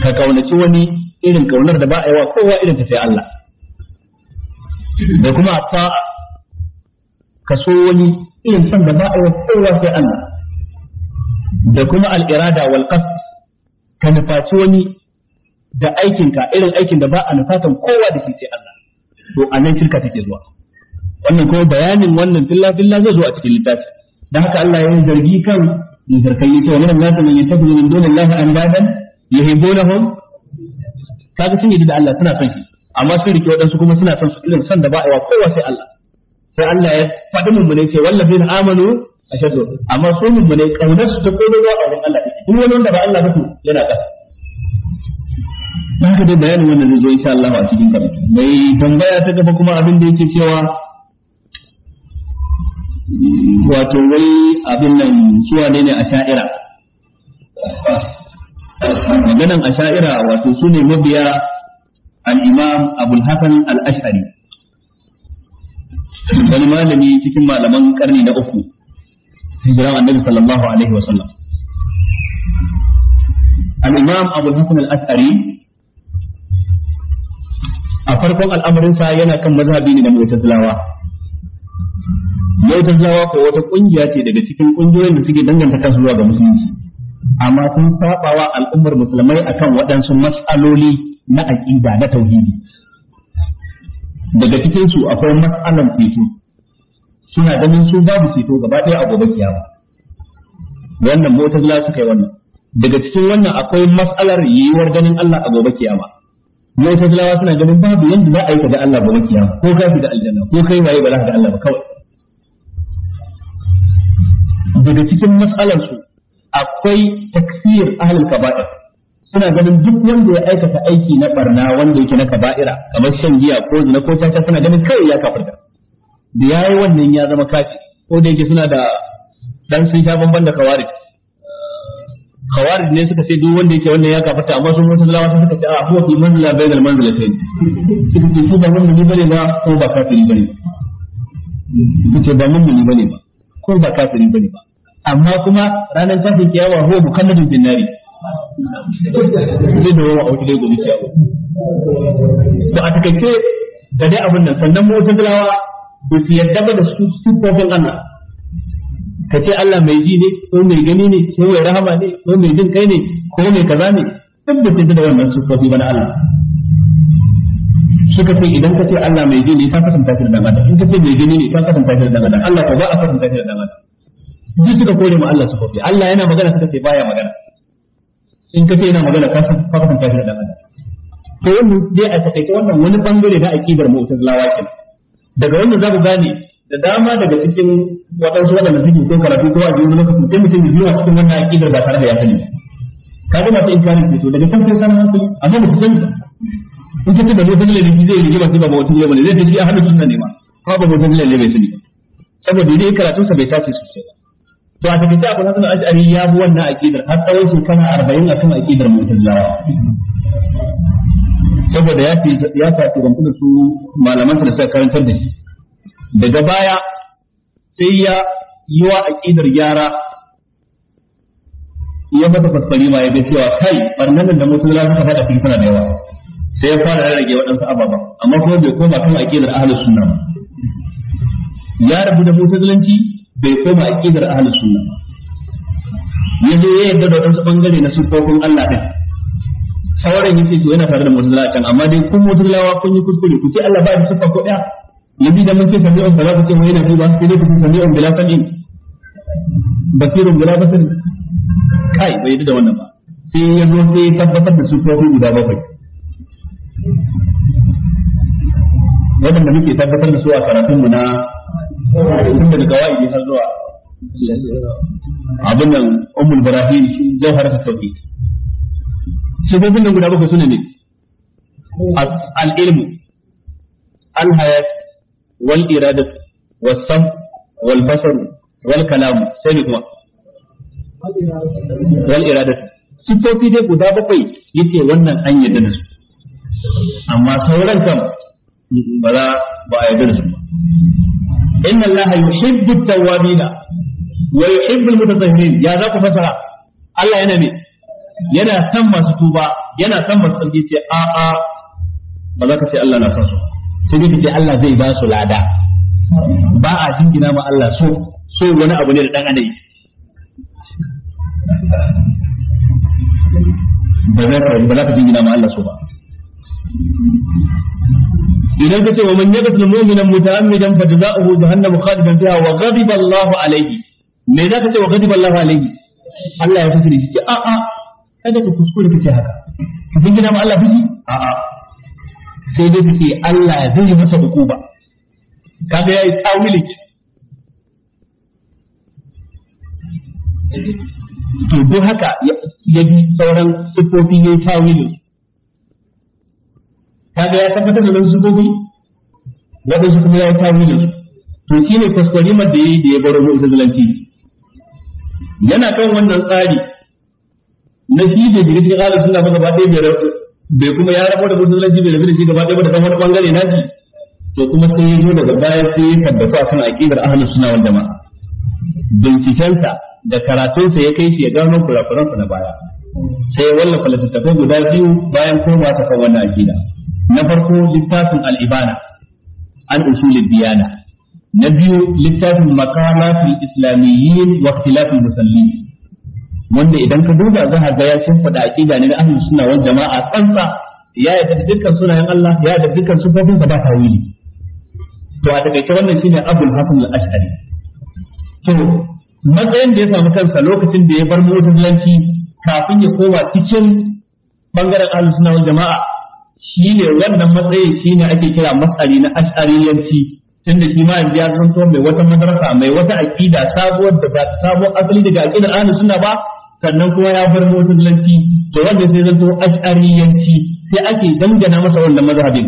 ka kaunaci wani irin kaunar da ba a yi wa kowa irin ta sai Allah da kuma ta ka so wani irin son da ba a yi wa kowa sai Allah da kuma al'irada wal qasd ka nufaci wani da aikinka irin aikin da ba a nufatan kowa da shi sai Allah to anan shirka take zuwa wannan kuma bayanin wannan filla filla zai zo a cikin littafi dan haka Allah ya yi zargi kan zarkai yace wannan nasu ne yattakhidhu min dunillahi andadan yuhibbunahum kaga sun yi da Allah suna son shi amma sun rike waɗansu kuma suna son su irin son da ba a wa kowa sai Allah sai Allah ya faɗi ne ce wallafin amanu a shaɗo amma su ne ƙaunar su ta kodo ga a wurin Allah in wani wanda ba Allah ba yana ƙasa haka dai bayanin wannan zai zo insha Allah a cikin karatu mai tambaya ta gaba kuma abin da yake cewa wato wai abin nan suwa ne ne a sha'ira maganan asha'ira wato sune mabiya al-imam abul hasan al-ash'ari wani malami cikin malaman karni na uku hijiran annabi sallallahu alaihi wa sallam al-imam abul hasan al-ash'ari a farkon al'amarinsa yana kan mazhabi ne da mu'tazilawa mu'tazilawa ko wata kungiya ce daga cikin kungiyoyin da suke danganta kansu ga musulunci amma sun sabawa al'ummar musulmai akan waɗansu mas'aloli na aqida na tauhidi daga cikin su akwai mas'alan ceto suna ganin su babu ceto gaba ɗaya a gobe kiyama wannan mu'tazila suka yi wannan daga cikin wannan akwai mas'alar yiwuwar ganin Allah a gobe kiyama mu'tazilawa suna ganin babu yanda za a yi ga Allah gobe kiyama ko kafi da aljanna ko kai waye ba za ka ga Allah ba kawai daga cikin mas'alar su akwai taksir ahlul kaba'ir suna ganin duk wanda ya aikata aiki na barna wanda yake na kaba'ira kamar shan giya ko zina ko caca suna ganin kai ya kafirta da yayi wannan ya zama kafi ko da yake suna da dan sun sha bamban da kawarij kawarij ne suka ce duk wanda yake wannan ya kafirta amma sun mutunta lawa suka ce a ah, huwa fi manzila bainal manzilatayn suka ce su ba ne bane ba ko ba kafiri bane suka ce ba ne bane ba ko ba kafiri bane ba amma kuma ranar tashin kiyama huwa mukallafin bin nari zai da wawa a wajen gobe kiyawa to a takaice da dai abin nan sannan mu'tazilawa ba su yadda ba da su sufofin Allah ka ce Allah mai ji ne ko mai gani ne ko mai rahama ne ko mai jin kai ne ko mai kaza ne duk da tuntu da wannan sufofi na Allah suka ce idan ka ce Allah mai ji ne ka kasanta shi da dan adam in ka ce mai gani ne ka kasanta shi da dan adam Allah ko ba a kasanta shi da dan adam duk suka kore mu Allah sufofi Allah yana magana suka ce baya magana in kace yana magana ka san ka san kafir da Allah to wannan dai a takaice wannan wani bangare da akidar mu'tazilawa ke daga wannan zaku gane da dama daga cikin wadansu wadanda suke ko karatu ko a jiyoyin lokacin sai mutum ya zuwa cikin wannan akidar ba tare da ya sani ka ga masu inkarin ke so daga kan sai sanin hankali amma ba su sani in kace da mutum ne zai rigima sai ba mutum ne ne zai ji a hannun sunna ne ma ba mutum ne bai sani saboda dai karatu sa bai tace sosai to a take Abu Hasan al-Ash'ari ya bi wannan aqidar har tsawon shekara 40 akan aqidar Mu'tazilawa saboda ya ya fatirantu da su malaman sa da suka karantar da shi daga baya sai ya yi wa aqidar gyara ya mata fasfari ma ya ga cewa kai nan da Mu'tazilawa suka fada cikin sana da yawa sai ya fara rage waɗansu ababa amma kuma bai koma kan aqidar ahlus sunna ya rabu da Mu'tazilanci bai koma aqidar ahlus sunna ba Yanzu ya yadda da wadansu bangare na sufofin Allah din sauran yace to yana tare da mutazila kan amma dai kun mutazilawa kun yi kuskure ku ce Allah ba da sufa ko daya nabi da mun ce sami'un ba za ku ce wai nabi ba sai dai ku sami'un bila fadin basirun bila basir kai bai yadda da wannan ba sai ya zo sai ya tabbatar da sufofi guda bakwai waɗanda muke tabbatar da su a karatunmu na tun daga gawaidi har zuwa abin nan ummul barahim jawhar tauhid sifofin nan guda bakwai sune ne al-ilmu al-hayat wal irada was sam wal basar wal kalam sai ne kuma wal irada sifofi dai guda bakwai yace wannan an yadda da su amma sauran kam ba za ba a yadda da su inna allaha yuhibbu at-tawwabina wa yuhibbu al-mutatahhirin ya za ku fasara Allah yana me yana san masu tuba yana san masu tsarki ce a ba za ka ce Allah na san su sai dai ce Allah zai ba su lada ba ma Allah so so wani abu ne da dan adam ba za ka ma Allah so ba idan ka ce wa man yaqtul mu'mina muta'ammidan fa jazaohu jahannamu khalidan fiha wa ghadiba Allahu alayhi me za ka ce wa ghadiba Allahu alayhi Allah ya fushi shi a a kada ka kuskure ka ce haka ka jingina ma Allah fushi a a sai dai ka ce Allah zai masa hukuma kaga yayi tawili to duk haka ya bi sauran sifofin ne tawilin kaga ya tabbatar da nasu su kuma ya yi tawilin su to shi ne kwaskwarimar da ya yi da ya baro mu zalanci yana kan wannan tsari na shi da jirgin ala suna maka ba ɗaya bai kuma ya rabu da zalanci bai rabu da shi gaba ɗaya ba da ɗan wani ɓangare na ji. to kuma sai ya zo daga baya sai ya tabbata a kan aƙidar ahalin suna wanda ma bincikensa da karatunsa ya kai shi ya gano kurakuransa na baya sai ya wallafa littattafai guda biyu bayan koma ta kan wannan aƙida na farko littafin al an usul diyana na biyu littafin maqamatul islamiyyin wa ikhtilafil musallin wanda idan ka duba za ka ga ya shimfida aqida ne na ahlus sunna wal jama'a tsantsa ya yarda dukkan sunayen Allah ya yarda dukkan sifofin ba tawili to a takaice wannan shine Abdul Hasan al-Ash'ari to matsayin da ya samu kansa lokacin da ya bar mutazilanci kafin ya koma cikin bangaren ahlus sunna wal jama'a shine wannan matsayin shine ake kira matsari na ash'ariyanci tunda shi ma yanzu ya zanto mai wata madrasa mai wata aqida sabuwar da ba sabuwar asali daga aqidar ahlus sunna ba sannan kuma ya bar mutunci to wanda sai zanto ash'ariyanci sai ake dangana masa wannan mazhabin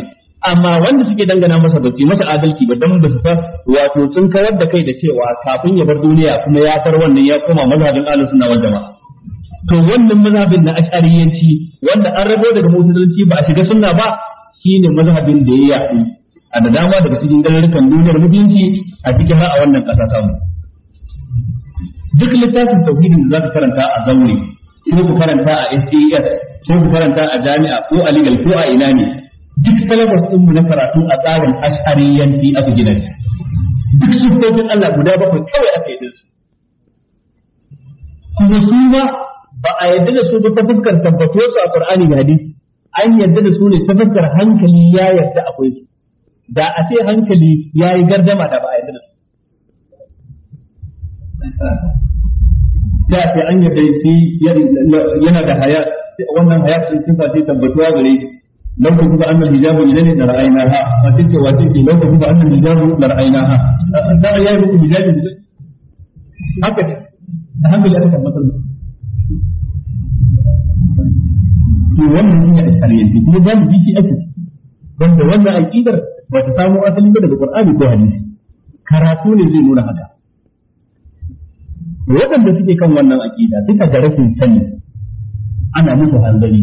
amma wanda suke dangana masa ba su masa adalci ba dan ba su wato sun kawar da kai da cewa kafin ya bar duniya kuma ya far wannan ya koma mazhabin ahlus sunna wal jama'a to wannan mazhabin na ash'ariyanci wanda an rago daga musulunci ba a shiga sunna ba shine mazhabin da ya yi a da dama daga cikin garurukan duniyar mutunci a cikin ha a wannan kasa ta mu duk littafin tauhidin da zaka karanta a Zauri, ko ku karanta a SAS ko ku karanta a jami'a ko a legal ko a ina ne duk talabar sun mu na karatu a tsarin ash'ariyanci aka gidan, duk sufofin Allah guda bakwai kawai aka yi su kuma su ba ba a yadda da su ta fuskar tabbatuwar su a Qur'ani da hadisi an yadda da su ne ta fuskar hankali ya yarda akwai su da a ce hankali ya yi gardama da ba a yadda da su da ce an yadda shi yana da hayat wannan hayat sun sifa ce tabbatuwa gare shi لو كنت أن الحجاب إليه لرأيناها وتلك وتلك لو كنت أن الحجاب لرأيناها لا يعرف الحجاب هكذا الحمد لله مثلا to wannan tsariyar ashariyanci kuma galibi shi ake don da wannan aƙidar ba ta samu asali ba daga qur'ani ko hadisi karatu ne zai nuna haka waɗanda suke kan wannan aqida duka da rashin sani ana musu hanzari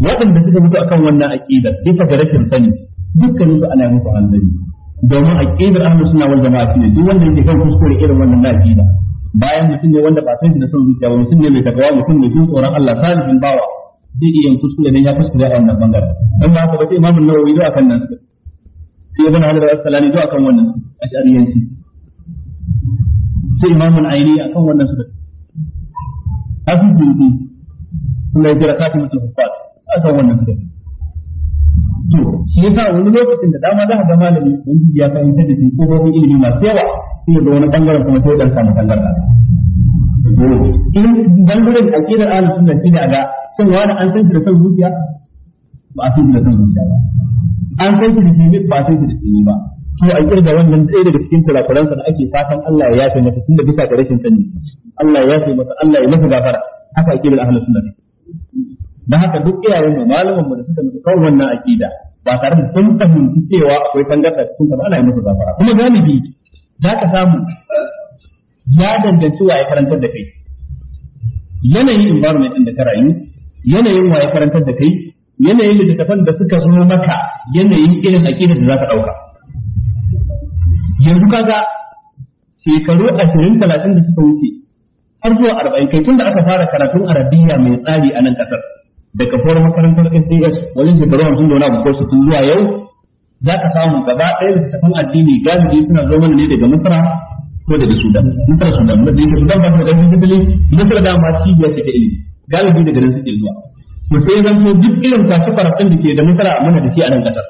waɗanda suka mutu akan wannan aƙidar duka da rashin sani dukkanin su ana musu hanzari domin aƙidar ahlus sunna wal jama'a shine duk wanda yake kan kuskure irin wannan aƙida. bayan mutum ne wanda ba san shi da son zuciya ba mutum ne mai takawa mutum ne jin tsoron Allah salihin bawa zai iya kuskure dan ya kuskure a wannan bangaren dan ba haka ba sai imamu nawawi zuwa kan nan sai ibn hajar al-asqalani zuwa kan wannan su ash'ariyanci sai imamu al-aini akan wannan su asu jubi kuma ya jira kafin mutum fat akan wannan su to shi yasa wani lokacin da dama za ka ga malami wani ya fahimta da shi ko babban ilimi masu yawa sai da wani bangaren kuma sai ya dan samu bangaren in bangaren aqidar ahlus sunna shine a ga shin wani an san shi da san zuciya ba a san shi da san zuciya ba an san shi da fili ba a san shi da fili ba to a kirga wannan ɗaya daga cikin kurakuransa da ake fatan Allah ya yafe masa tunda bisa ga rashin sani Allah ya yafe masa Allah ya masa gafara haka ake bil ahlus sunna da haka duk iyayen mu malaman mu da suka mutu kan wannan akida ba tare da sun fahimci cewa akwai tangarda cikin ta ba ana yi masa gafara kuma galibi za ka samu ya danganci wa ya karantar da kai yanayin environment da ka rayu yanayin waye karantar da kai yanayin littattafan da suka zo maka yanayin irin aqidar da ka dauka yanzu kaga shekaru 20 30 da suka wuce har zuwa 40 kai tunda aka fara karatun arabiya mai tsari a nan kasar daga kafuwar makarantar sds wajen shekaru 50 da wani abu ko 60 zuwa yau za ka samu gaba ɗaya littattafan addini galibi suna zo mana ne daga Misra ko daga Sudan Misra Sudan da Sudan ba ta da ilimi Misra da ma cibiya ce ta ilimi galibi daga nan suke zuwa mu sai zan so duk irin kwasu farafin da ke da masara mana da shi a nan kasar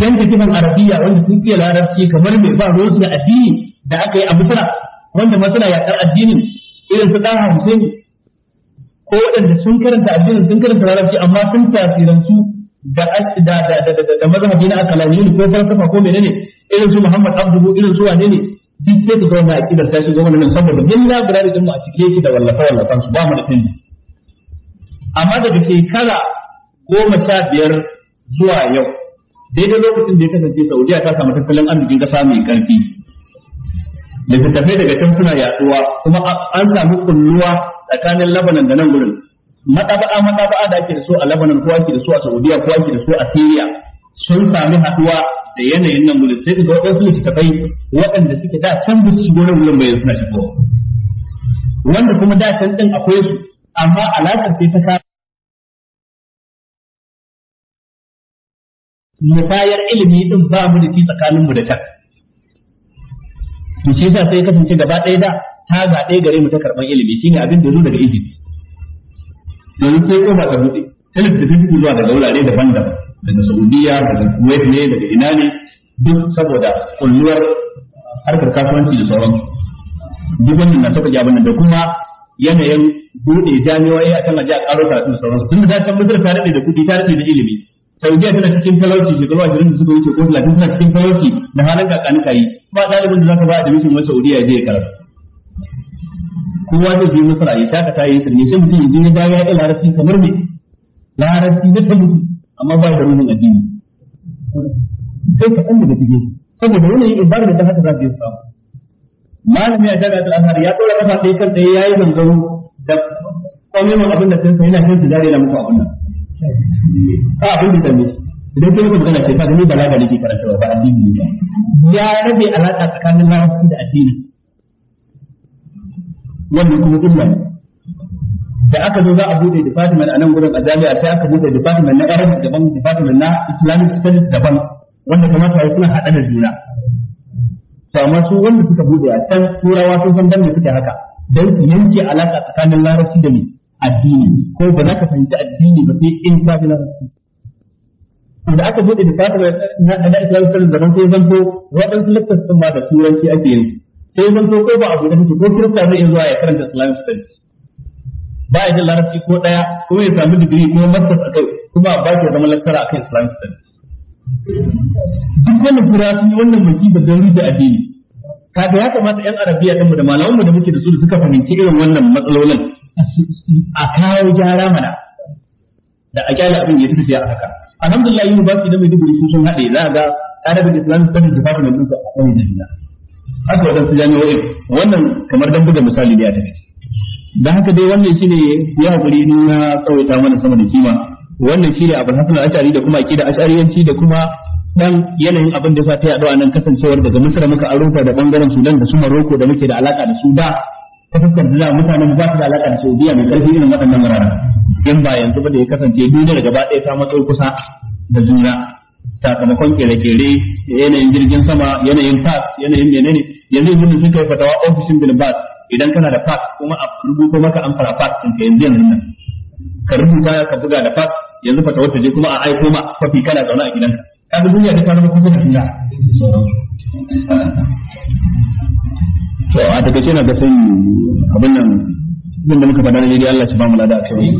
dan kifin arabiya wanda sun iya larabci kamar mai ba rosu da addini da aka yi a misra wanda masana yaƙar addinin irin su ɗaha Hussein ko waɗanda sun karanta addinin sun karanta larabci amma sun tasirantu da da da da da mazhabi na akalani ko falsafa ko menene irin su Muhammad Abdu irin su wane ne duk sai ka ga wannan aqidar ta shigo mana nan saboda bin labirari din mu a cike yake da wallafa wallafan su ba mu da canji amma daga shekara goma sha biyar zuwa yau daidai lokacin da ya kasance Saudiya ta samu tattalin arzikin kasa mai karfi littattafai daga can suna yaduwa kuma an samu kulluwa tsakanin Labanan da nan gurin madaba'a madaba'a da ake da su a Labanan ko ake da su a Saudiya ko ake da su a Syria sun sami haduwa da yanayin nan gudun sai ga waɗansu littattafai waɗanda suke da can ba su shigo nan gudun bayan suna shigo wanda kuma da can ɗin akwai su amma alaƙar sai ta kama musayar ilimi din ba mu da shi tsakanin mu da ta to shi yasa sai kasance gaba ɗaya da ta ga gare mu ta karɓar ilimi shine abin da zo daga Egypt yanzu sai ko ba ta buɗe ta da zuwa daga wurare daban-daban daga Saudiya daga Kuwait ne daga ina ne duk saboda kulluwar harkar kasuwanci da sauran, duk wannan na saka jaban da kuma yanayin bude jami'o'i a kan ji a karo karatu da sauransu tun da ta mutar ta da kudi ta da ilimi Saudiya tana cikin talauci shekaru ashirin da suka wuce ko talatin tana cikin talauci da halin kakani kayi ba ɗalibin da zaka ba da mishin wani Saudiya zai karatu kowa zai je masara ta ka ta yi sirri sai mutum ya je ya dawo ya ɗaya larabci kamar me larabci na ta mutu amma ba da ruhin addini sai ka daga cikin saboda yanayin ibada da ta haka za ta yi samu malami a jami'a ta azhar ya dora kafa ɗaya kan ɗaya yayi zanzaro da kwamimin abin da sai sai yana kan tijari na mutu a wannan. a abin da tambaye idan kai muka gana sai ka ni balaga ke karantawa ba addini ne ya rabe alaƙa tsakanin larabci da addini wannan kuma illa ne da aka zo za a bude department a nan gurin a jami'a sai aka bude department na Arabic daban department na Islamic Studies daban wanda kamata ya suna hada da juna to amma su wanda suka bude a can turawa sun san dan me suke haka dan su yanke alaka tsakanin larabci da me addini ko ba za ka fahimci addini ba sai in ka larabci da aka bude department na Islamic Studies daban sai zanto waɗansu lakasin din ma da turanci ake yin sai zanto ko ba a da ko kirista zai iya zuwa ya karanta Islamic Studies ba ya jin larabci ko daya ko ya sami digiri ko masters akai kuma ba ya zama a akan islamic studies duk wani kura sun yi wannan musibar don rufe addini kaga ya kamata yan arabiya din mu da malaman mu da muke da su da suka fahimci irin wannan matsalolin a kawo gyara mana da a kyale abin ya tafi a haka alhamdulillah yau ba su da mai digiri sun haɗe za ga ɗalibin islamic studies da fara mai duka a kan jami'a haka wadansu jami'o'in wannan kamar dan buga misali da ya tafi da haka dai wannan shi ne ya hakuri na tsawaita mana sama da kima wannan shine abul hasan al-ashari da kuma aqida ash'ariyanci da kuma dan yanayin abin da sa ta yaɗo a nan kasancewar daga Misra muka arofa da bangaren Sudan da su maroko da muke da alaƙa da su da ta fuskar da mutanen ba su da alaƙa da Saudiya mai ƙarfi irin waɗannan wuraren in ba yanzu ba da ya kasance duniyar gaba ɗaya ta matsayi kusa da juna sakamakon kere-kere yanayin jirgin sama yanayin fas yanayin menene yanzu yanzu sun kai fatawa ofishin bilbas. idan kana da fax kuma a rubuto maka an fara fax ɗinka yanzu yanzu nan ka rubuta ka buga da fax yanzu fata wata je kuma a aiko ma kwafi kana zauna a gidanka ga duniya ta zama kusa da juna to a daga ce na ga sai abin nan abin da muka faɗa ne dai Allah shi ba mu lada a kai